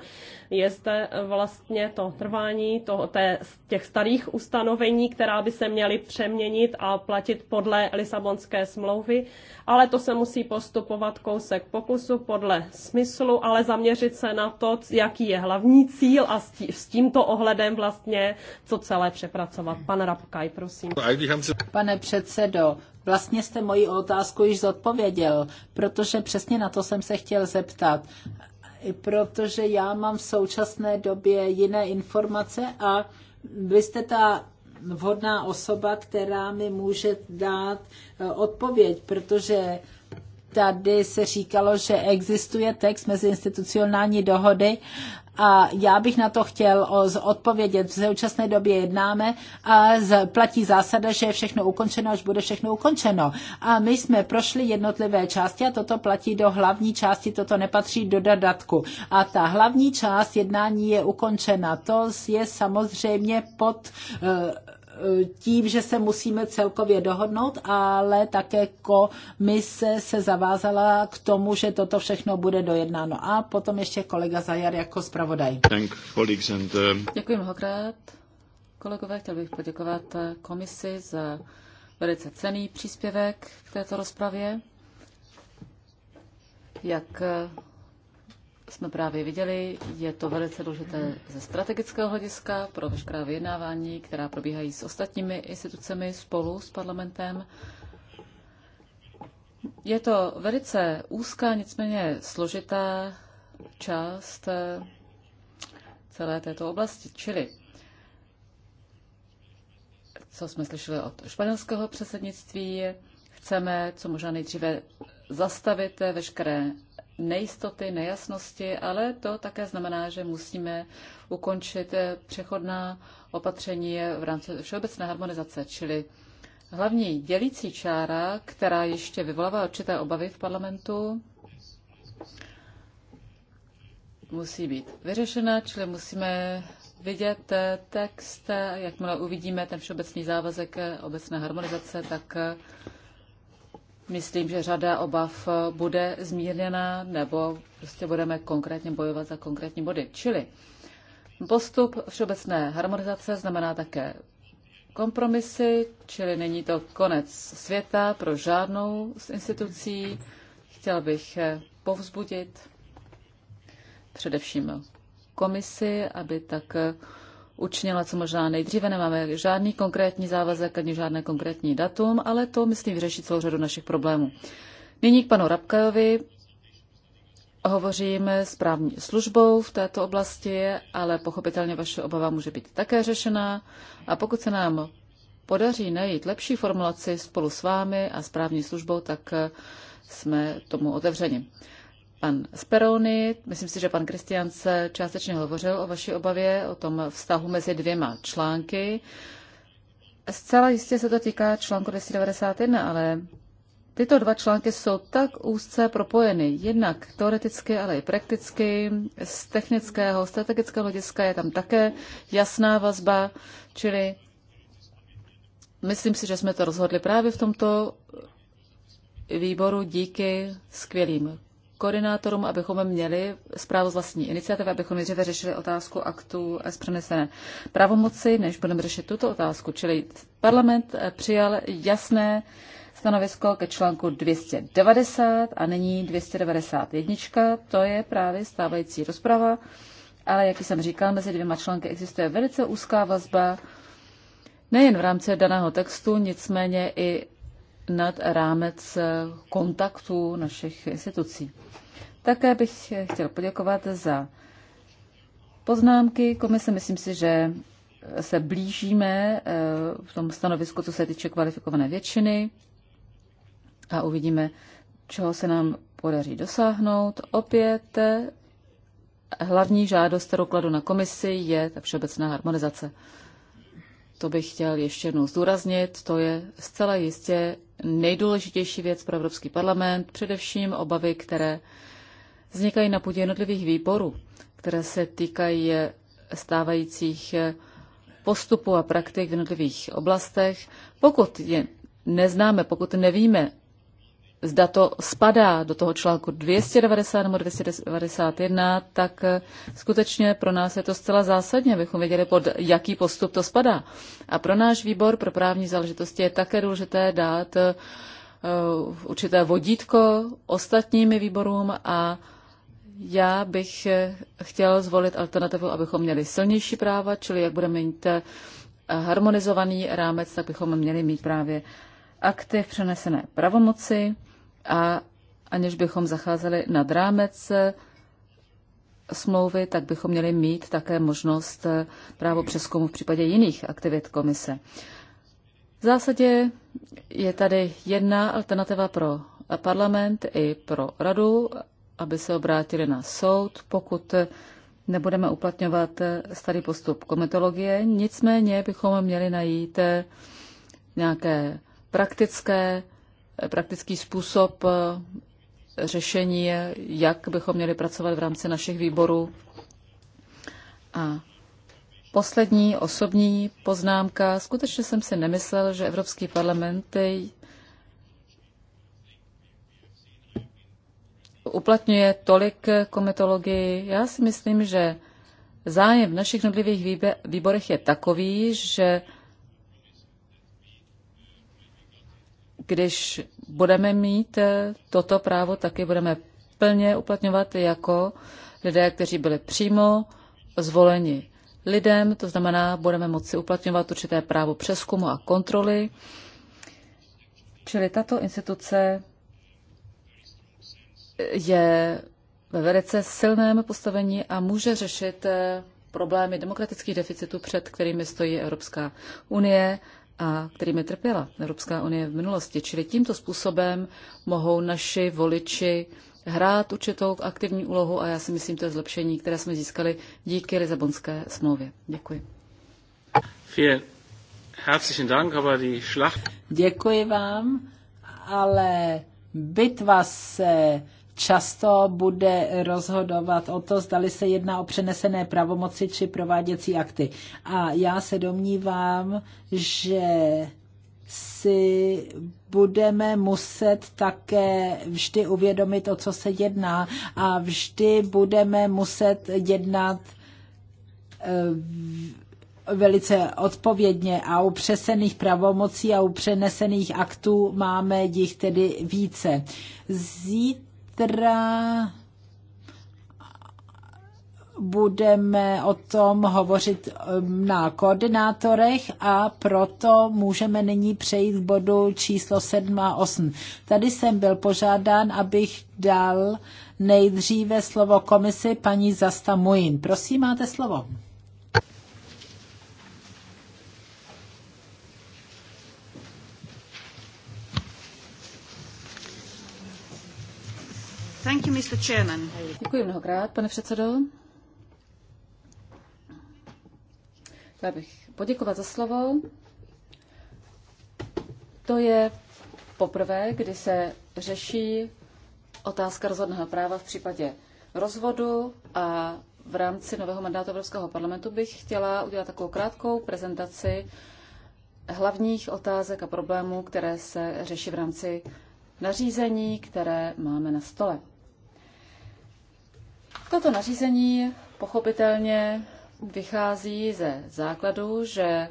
Je zde vlastně to trvání to, té, těch starých ustanovení, která by se měly přeměnit a platit podle Lisabonské smlouvy, ale to se musí postupovat kousek pokusu podle smyslu, ale zaměřit se na to, jaký je hlavní cíl a s tímto ohledem vlastně co celé přepracovat. Pan Rabkaj, prosím prosím. Pane předsedo, vlastně jste moji otázku již zodpověděl, protože přesně na to jsem se chtěl zeptat. Protože já mám v současné době jiné informace a vy jste ta vhodná osoba, která mi může dát eh, odpověď, protože tady se říkalo, že existuje text institucionální dohody a já bych na to chtěl odpovědět. V současné době jednáme a platí zásada, že je všechno ukončeno, až bude všechno ukončeno. A my jsme prošli jednotlivé části a toto platí do hlavní části, toto nepatří do dodatku. A ta hlavní část jednání je ukončena. To je samozřejmě pod eh, tím, že se musíme celkově dohodnout, ale také komise se zavázala k tomu, že toto všechno bude dojednáno. A potom ještě kolega Zajar jako zpravodaj. Uh, Děkuji mnohokrát. Kolegové, chtěl bych poděkovat uh, komisi za velice cený příspěvek k této rozpravě. Jak uh, jsme právě viděli, je to velice důležité ze strategického hlediska pro veškerá vyjednávání, která probíhají s ostatními institucemi spolu s parlamentem. Je to velice úzká, nicméně složitá část eh, celé této oblasti, čili co jsme slyšeli od španělského předsednictví, chceme co možná nejdříve zastavit veškeré nejistoty, nejasnosti, ale to také znamená, že musíme ukončit eh, přechodná opatření v rámci všeobecné harmonizace, čili hlavní dělící čára, která ještě vyvolává určité obavy v parlamentu, musí být vyřešena, čili musíme vidět eh, text, eh, jakmile uvidíme ten všeobecný závazek obecné harmonizace, tak Myslím, že řada obav eh, bude zmírněna nebo prostě budeme konkrétně bojovat za konkrétní body. Čili postup všeobecné harmonizace znamená také kompromisy, čili není to konec světa pro žádnou z institucí. Chtěl bych eh, povzbudit především komisi, aby tak eh, učinila co možná nejdříve. Nemáme žádný konkrétní závazek ani žádné konkrétní datum, ale to, myslím, vyřeší celou řadu našich problémů. Nyní k panu Rabkajovi. Hovoříme s právní službou v této oblasti, ale pochopitelně vaše obava může být také řešena. A pokud se nám podaří najít lepší formulaci spolu s vámi a s právní službou, tak jsme tomu otevřeni pan Speroni, myslím si, že pan Kristian se částečně hovořil o vaší obavě, o tom vztahu mezi dvěma články. Zcela jistě se to týká článku 291, ale tyto dva články jsou tak úzce propojeny, jednak teoreticky, ale i prakticky, z technického, strategického hlediska je tam také jasná vazba, čili myslím si, že jsme to rozhodli právě v tomto výboru díky skvělým koordinátorům, abychom měli zprávu z vlastní iniciativy, abychom nejdříve řešili otázku aktu z přenesené pravomoci, než budeme řešit tuto otázku. Čili parlament eh, přijal jasné stanovisko ke článku 290 a nyní 291. To je právě stávající rozprava, ale jak jsem říkal, mezi dvěma články existuje velice úzká vazba nejen v rámci daného textu, nicméně i nad rámec kontaktů našich institucí. Také bych chtěl poděkovat za poznámky komise. Myslím si, že se blížíme eh, v tom stanovisku, co se týče kvalifikované většiny a uvidíme, čeho se nám podaří dosáhnout. Opět eh, hlavní žádost, kterou kladu na komisi, je ta všeobecná harmonizace. To bych chtěl ještě jednou zdůraznit. To je zcela jistě nejdůležitější věc pro Evropský parlament, především obavy, které vznikají na půdě jednotlivých výborů, které se týkají stávajících postupů a praktik v jednotlivých oblastech. Pokud je neznáme, pokud nevíme, zda to spadá do toho článku 290 nebo 291, tak eh, skutečně pro nás je to zcela zásadně, abychom věděli, pod jaký postup to spadá. A pro náš výbor pro právní záležitosti je také důležité dát eh, eh, určité vodítko ostatním výborům a já bych chtěl zvolit alternativu, abychom měli silnější práva, čili jak budeme mít harmonizovaný rámec, tak bychom měli mít právě akty v přenesené pravomoci, a aniž bychom zacházeli nad rámec eh, smlouvy, tak bychom měli mít také možnost eh, právo přeskumu v případě jiných aktivit komise. V zásadě je tady jedna alternativa pro parlament i pro radu, aby se obrátili na soud, pokud eh, nebudeme uplatňovat starý postup komitologie. Nicméně bychom měli najít nějaké praktické praktický způsob eh, řešení, jak bychom měli pracovat v rámci našich výborů. A poslední osobní poznámka. Skutečně jsem si nemyslel, že Evropský parlament uplatňuje tolik kometologii. Já si myslím, že zájem v našich jednotlivých výborech je takový, že když budeme mít eh, toto právo, taky budeme plně uplatňovat jako lidé, kteří byli přímo zvoleni lidem, to znamená, budeme moci uplatňovat určité právo přeskumu a kontroly. Čili tato instituce je ve velice silném postavení a může řešit eh, problémy demokratických deficitů, před kterými stojí Evropská unie a kterými trpěla Evropská unie v minulosti. Čili tímto způsobem mohou naši voliči hrát určitou aktivní úlohu a já si myslím, to je zlepšení, které jsme získali díky Lisabonské smlouvě. Děkuji. Děkuji vám, ale bitva se často bude rozhodovat o to, zdali se jedná o přenesené pravomoci či prováděcí akty. A já se domnívám, že si budeme muset také vždy uvědomit, o co se jedná a vždy budeme muset jednat eh, velice odpovědně a u přesených pravomocí a u přenesených aktů máme jich tedy více. Zít Zítra budeme o tom hovořit eh, na koordinátorech a proto můžeme nyní přejít k bodu číslo 7 a 8. Tady jsem byl požádán, abych dal nejdříve slovo komisi paní Zasta Muin. Prosím, máte slovo. Thank you, Mr. Chairman. Děkuji mnohokrát, pane předsedo. Chtěla bych poděkovat za slovo. To je poprvé, kdy se řeší otázka rozhodného práva v případě rozvodu a v rámci nového mandátu Evropského parlamentu bych chtěla udělat takovou krátkou prezentaci hlavních otázek a problémů, které se řeší v rámci nařízení, které máme na stole. Toto nařízení pochopitelně vychází ze základu, že e,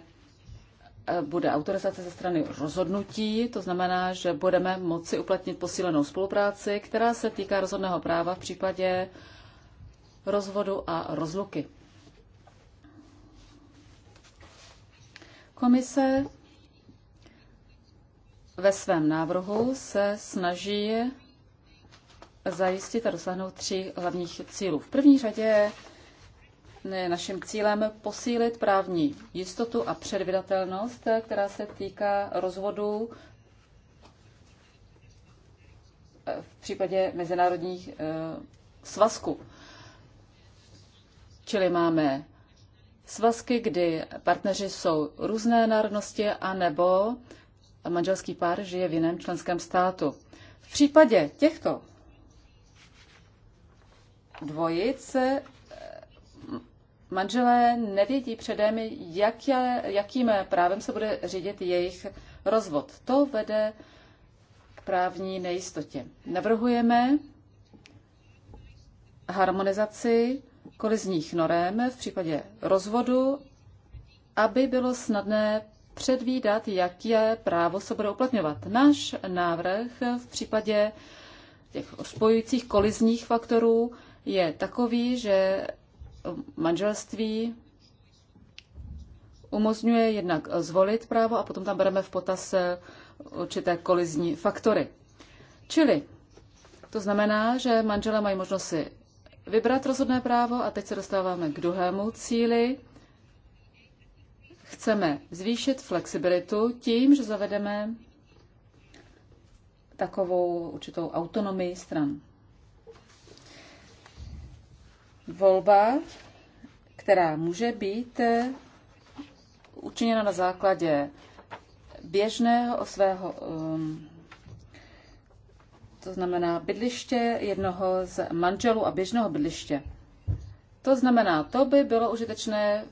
bude autorizace ze strany rozhodnutí, to znamená, že budeme moci uplatnit posílenou spolupráci, která se týká rozhodného práva v případě rozvodu a rozluky. Komise ve svém návrhu se snaží zajistit a dosáhnout tří hlavních cílů. V první řadě je naším cílem posílit právní jistotu a předvydatelnost, která se týká rozvodů eh, v případě mezinárodních eh, svazků. Čili máme svazky, kdy partneři jsou různé národnosti, anebo manželský pár žije v jiném členském státu. V případě těchto dvojice eh, manželé nevědí předem, jak je, jakým právem se bude řídit jejich rozvod. To vede k právní nejistotě. Navrhujeme harmonizaci kolizních norem v případě rozvodu, aby bylo snadné předvídat, je právo se bude uplatňovat. Náš návrh v případě těch spojujících kolizních faktorů je takový, že manželství umožňuje jednak zvolit právo a potom tam bereme v potaz určité kolizní faktory. Čili to znamená, že manžele mají možnost si vybrat rozhodné právo a teď se dostáváme k druhému cíli, Chceme zvýšit flexibilitu tím, že zavedeme takovou určitou autonomii stran. Volba, která může být eh, učiněna na základě běžného svého, ehm, to znamená bydliště jednoho z manželů a běžného bydliště. To znamená, to by bylo užitečné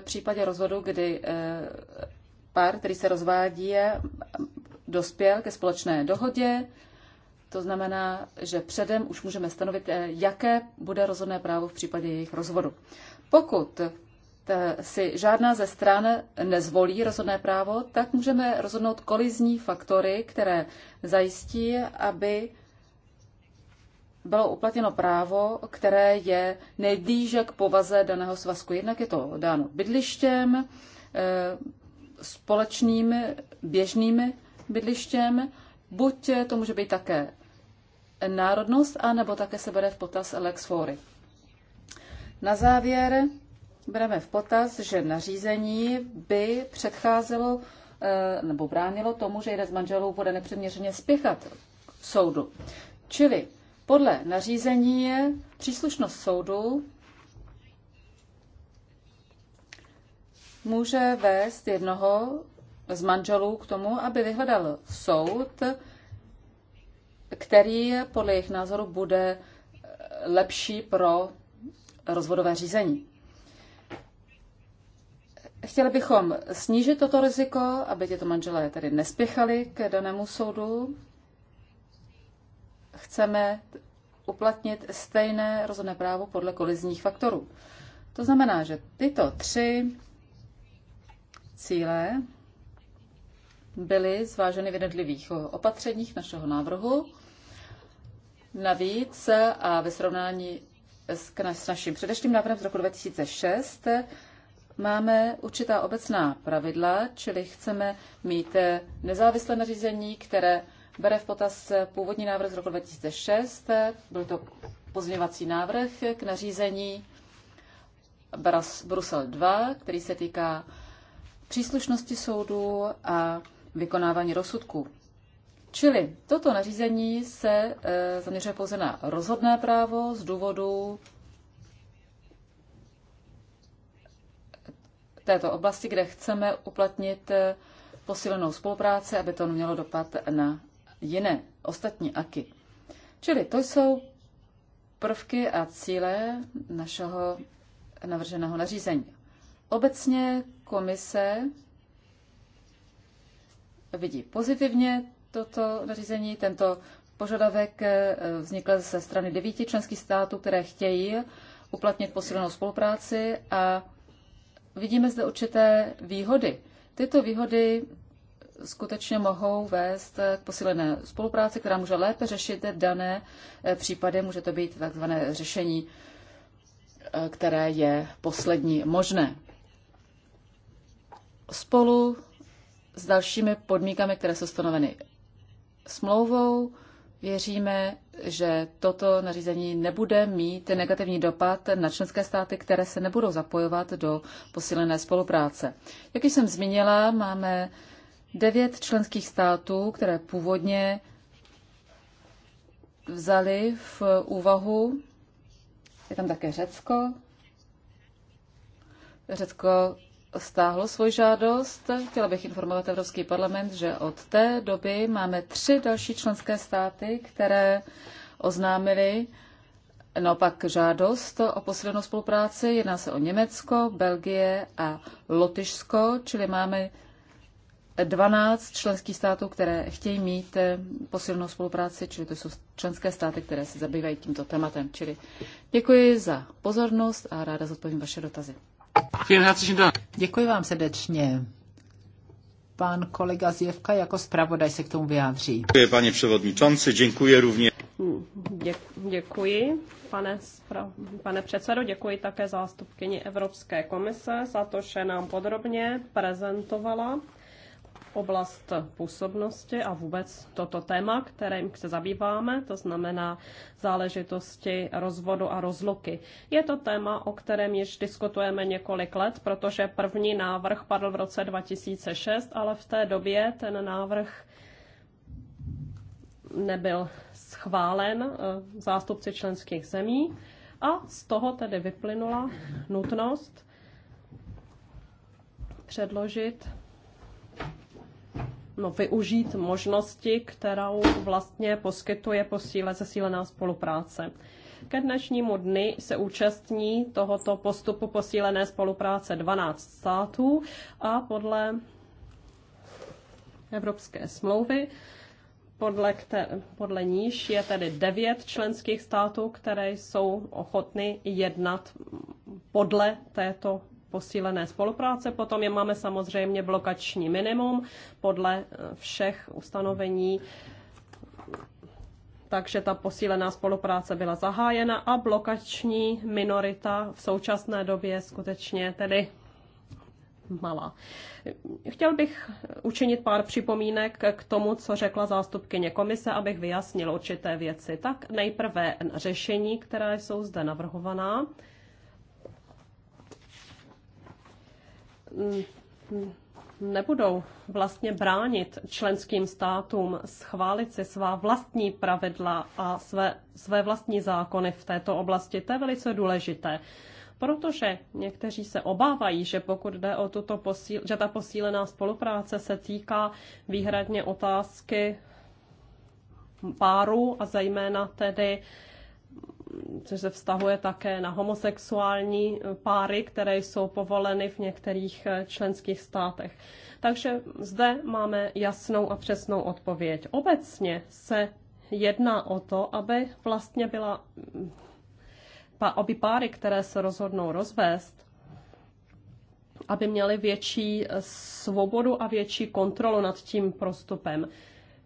v případě rozvodu, kdy eh, pár, který se rozvádí, dospěl ke společné dohodě. To znamená, že předem už můžeme stanovit, eh, jaké bude rozhodné právo v případě jejich rozvodu. Pokud eh, si žádná ze stran nezvolí rozhodné právo, tak můžeme rozhodnout kolizní faktory, které zajistí, aby bylo uplatněno právo, které je nejblíže k povaze daného svazku. Jednak je to dáno bydlištěm, eh, společným běžným bydlištěm, buď to může být také národnost, anebo také se bere v potaz lex fory. Na závěr bereme v potaz, že nařízení by předcházelo eh, nebo bránilo tomu, že jeden z manželů bude nepřiměřeně spěchat soudu. Čili podle nařízení je příslušnost soudu může vést jednoho z manželů k tomu, aby vyhledal soud, který podle jejich názoru bude lepší pro rozvodové řízení. Chtěli bychom snížit toto riziko, aby těto manželé tedy nespěchali k danému soudu, chceme uplatnit stejné rozhodné právo podle kolizních faktorů. To znamená, že tyto tři cíle byly zváženy v jednotlivých opatřeních našeho návrhu. Navíc a ve srovnání s, s naším předešlým návrhem z roku 2006 máme určitá obecná pravidla, čili chceme mít nezávislé nařízení, které bere v potaz původní návrh z roku 2006, byl to pozměňovací návrh k nařízení Brusel 2, který se týká příslušnosti soudů a vykonávání rozsudků. Čili toto nařízení se e, zaměřuje pouze na rozhodné právo z důvodu této oblasti, kde chceme uplatnit e, posílenou spolupráci, aby to mělo dopad na jiné ostatní aky. Čili to jsou prvky a cíle našeho navrženého nařízení. Obecně komise vidí pozitivně toto nařízení. Tento požadavek eh, vznikl ze strany devíti členských států, které chtějí uplatnit posílenou spolupráci a vidíme zde určité výhody. Tyto výhody skutečně mohou vést k posílené spolupráci, která může lépe řešit dané eh, případy. Může to být takzvané řešení, eh, které je poslední možné. Spolu s dalšími podmínkami, které jsou stanoveny smlouvou, věříme, že toto nařízení nebude mít negativní dopad na členské státy, které se nebudou zapojovat do posílené spolupráce. Jak jsem zmínila, máme devět členských států, které původně vzali v úvahu, je tam také Řecko. Řecko stáhlo svoji žádost. Chtěla bych informovat Evropský parlament, že od té doby máme tři další členské státy, které oznámili naopak žádost o posílenou spolupráci. Jedná se o Německo, Belgie a Lotyšsko, čili máme 12 členských států, které chtějí mít eh, posilnou spolupráci, čili to jsou členské státy, které se zabývají tímto tématem. Čili děkuji za pozornost a ráda zodpovím vaše dotazy. Děkuji vám srdečně. Pan kolega Zjevka jako zpravodaj se k tomu vyjádří. Děkuji, paní převodničanci, děkuji rovně. Děkuji, pane, pane předsedo, děkuji také zástupkyni Evropské komise za to, že nám podrobně prezentovala oblast působnosti a vůbec toto téma, kterým se zabýváme, to znamená záležitosti rozvodu a rozluky. Je to téma, o kterém již diskutujeme několik let, protože první návrh padl v roce 2006, ale v té době ten návrh nebyl schválen eh, zástupci členských zemí a z toho tedy vyplynula nutnost předložit no, využít možnosti, kterou vlastně poskytuje posíle zesílená spolupráce. Ke dnešnímu dny se účastní tohoto postupu posílené spolupráce 12 států a podle Evropské smlouvy podle, kter- podle níž je tedy devět členských států, které jsou ochotny jednat podle této posílené spolupráce. Potom je máme samozřejmě blokační minimum podle eh, všech ustanovení takže ta posílená spolupráce byla zahájena a blokační minorita v současné době je skutečně tedy malá. Chtěl bych učinit pár připomínek k tomu, co řekla zástupkyně komise, abych vyjasnil určité věci. Tak nejprve řešení, která jsou zde navrhovaná. Mm, nebudou vlastně bránit členským státům schválit si svá vlastní pravidla a své, své vlastní zákony v této oblasti. To je velice důležité, protože někteří se obávají, že pokud jde o tuto posíl, že ta posílená spolupráce se týká výhradně otázky páru a zejména tedy uh, což se vztahuje také na homosexuální eh, páry, které jsou povoleny v některých eh, členských státech. Takže zde máme jasnou a přesnou odpověď. Obecně se jedná o to, aby vlastně byla, mm, aby páry, které se rozhodnou rozvést, aby měly větší eh, svobodu a větší kontrolu nad tím prostupem.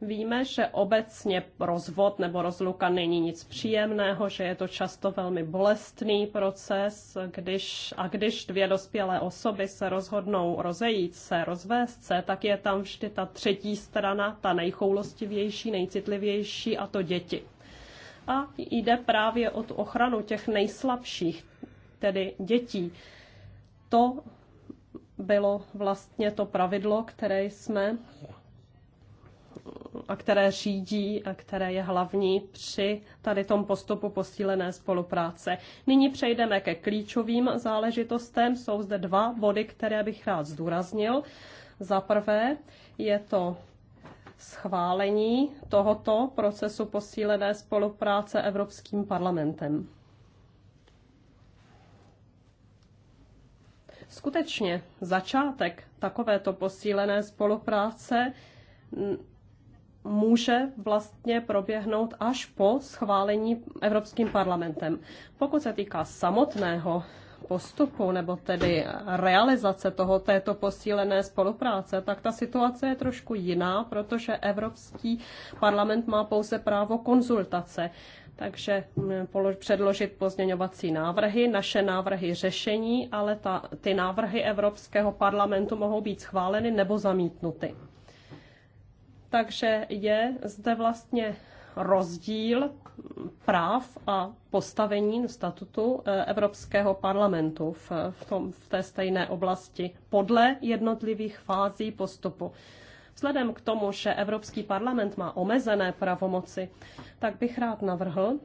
Víme, že obecně rozvod nebo rozluka není nic příjemného, že je to často velmi bolestný proces, když, a když dvě dospělé osoby se rozhodnou rozejít se, rozvést se, tak je tam vždy ta třetí strana, ta nejchoulostivější, nejcitlivější a to děti. A jde právě o tu ochranu těch nejslabších, tedy dětí. To bylo vlastně to pravidlo, které jsme a které řídí a které je hlavní při tady tom postupu posílené spolupráce. Nyní přejdeme ke klíčovým záležitostem. Jsou zde dva body, které bych rád zdůraznil. Za prvé je to schválení tohoto procesu posílené spolupráce Evropským parlamentem. Skutečně začátek takovéto posílené spolupráce může vlastně proběhnout až po schválení Evropským parlamentem. Pokud se týká samotného postupu nebo tedy realizace toho této posílené spolupráce, tak ta situace je trošku jiná, protože Evropský parlament má pouze právo konzultace. Takže mm, předložit pozměňovací návrhy, naše návrhy řešení, ale ta, ty návrhy Evropského parlamentu mohou být schváleny nebo zamítnuty. Takže je zde vlastně rozdíl práv a postavení statutu eh, Evropského parlamentu v, v, tom, v té stejné oblasti podle jednotlivých fází postupu. Vzhledem k tomu, že Evropský parlament má omezené pravomoci, tak bych rád navrhl,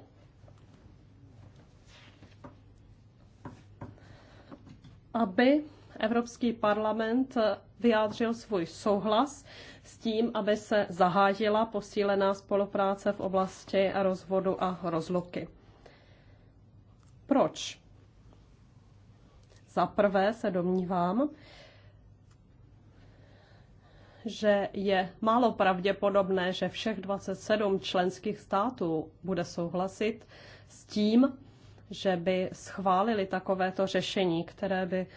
aby Evropský parlament vyjádřil svůj souhlas tím, aby se zahájila posílená spolupráce v oblasti rozvodu a rozluky. Proč? Za prvé se domnívám, že je málo pravděpodobné, že všech 27 členských států bude souhlasit s tím, že by schválili takovéto řešení, které by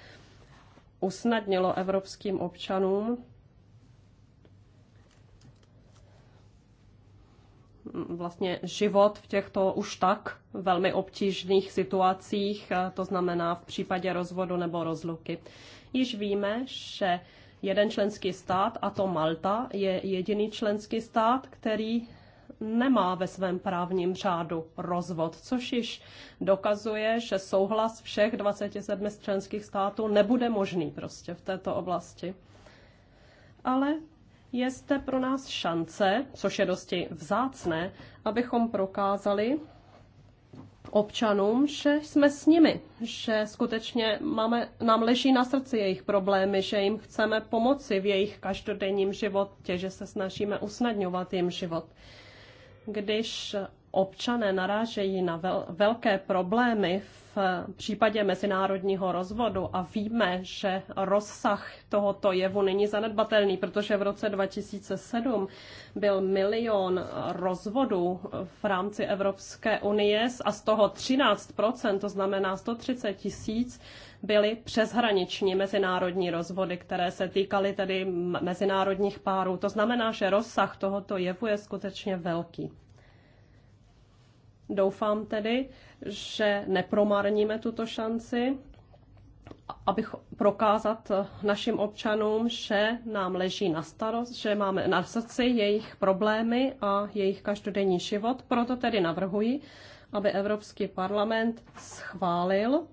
usnadnilo evropským občanům vlastně život v těchto už tak velmi obtížných situacích, eh, to znamená v případě rozvodu nebo rozluky. Již víme, že jeden členský stát, a to Malta, je jediný členský stát, který nemá ve svém právním řádu rozvod, což již dokazuje, že souhlas všech 27 členských států nebude možný prostě v této oblasti. Ale je zde pro nás šance, což je dosti vzácné, abychom prokázali občanům, že jsme s nimi, že skutečně máme, nám leží na srdci jejich problémy, že jim chceme pomoci v jejich každodenním životě, že se snažíme usnadňovat jim život. Když občané narážejí na velké problémy v v případě mezinárodního rozvodu a víme, že rozsah tohoto jevu není zanedbatelný, protože v roce 2007 byl milion rozvodů v rámci Evropské unie a z toho 13%, to znamená 130 tisíc, byly přeshraniční mezinárodní rozvody, které se týkaly tedy mezinárodních párů. To znamená, že rozsah tohoto jevu je skutečně velký. Doufám tedy, že nepromarníme tuto šanci, abych prokázat našim občanům, že nám leží na starost, že máme na srdci jejich problémy a jejich každodenní život. Proto tedy navrhuji, aby Evropský parlament schválil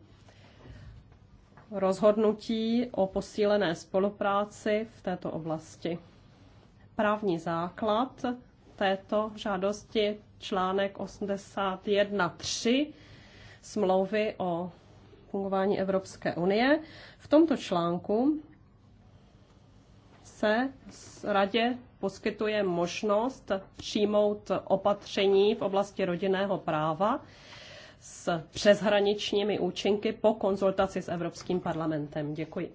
rozhodnutí o posílené spolupráci v této oblasti. Právní základ této žádosti článek 81.3 smlouvy o fungování Evropské unie. V tomto článku se radě poskytuje možnost přijmout opatření v oblasti rodinného práva s přeshraničními účinky po konzultaci s Evropským parlamentem. Děkuji.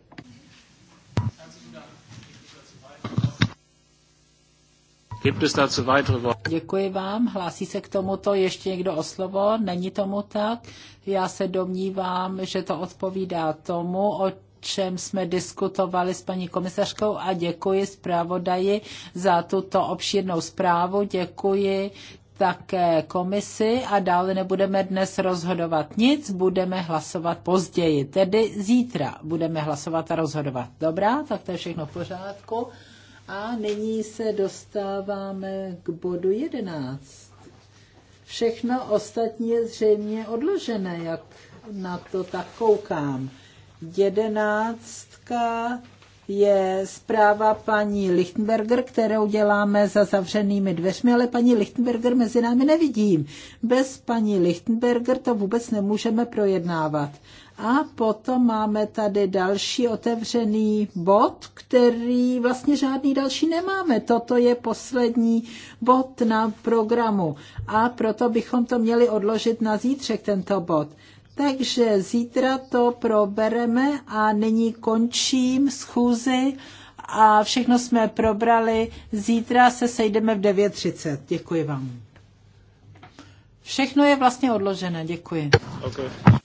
Děkuji vám. Hlásí se k tomuto ještě někdo o slovo? Není tomu tak? Já se domnívám, že to odpovídá tomu, o čem jsme diskutovali s paní komisařkou a děkuji zpravodaji za tuto obšírnou zprávu. Děkuji také komisi a dále nebudeme dnes rozhodovat nic, budeme hlasovat později, tedy zítra budeme hlasovat a rozhodovat. Dobrá, tak to je všechno v pořádku. A nyní se dostáváme k bodu 11. Všechno ostatní je zřejmě odložené, jak na to tak koukám. Jedenáctka je zpráva paní Lichtenberger, kterou děláme za zavřenými dveřmi, ale paní Lichtenberger mezi námi nevidím. Bez paní Lichtenberger to vůbec nemůžeme projednávat. A potom máme tady další otevřený bod, který vlastně žádný další nemáme. Toto je poslední bod na programu. A proto bychom to měli odložit na zítřek, tento bod. Takže zítra to probereme a nyní končím schůzi a všechno jsme probrali. Zítra se sejdeme v 9.30. Děkuji vám. Všechno je vlastně odložené. Děkuji. Okay.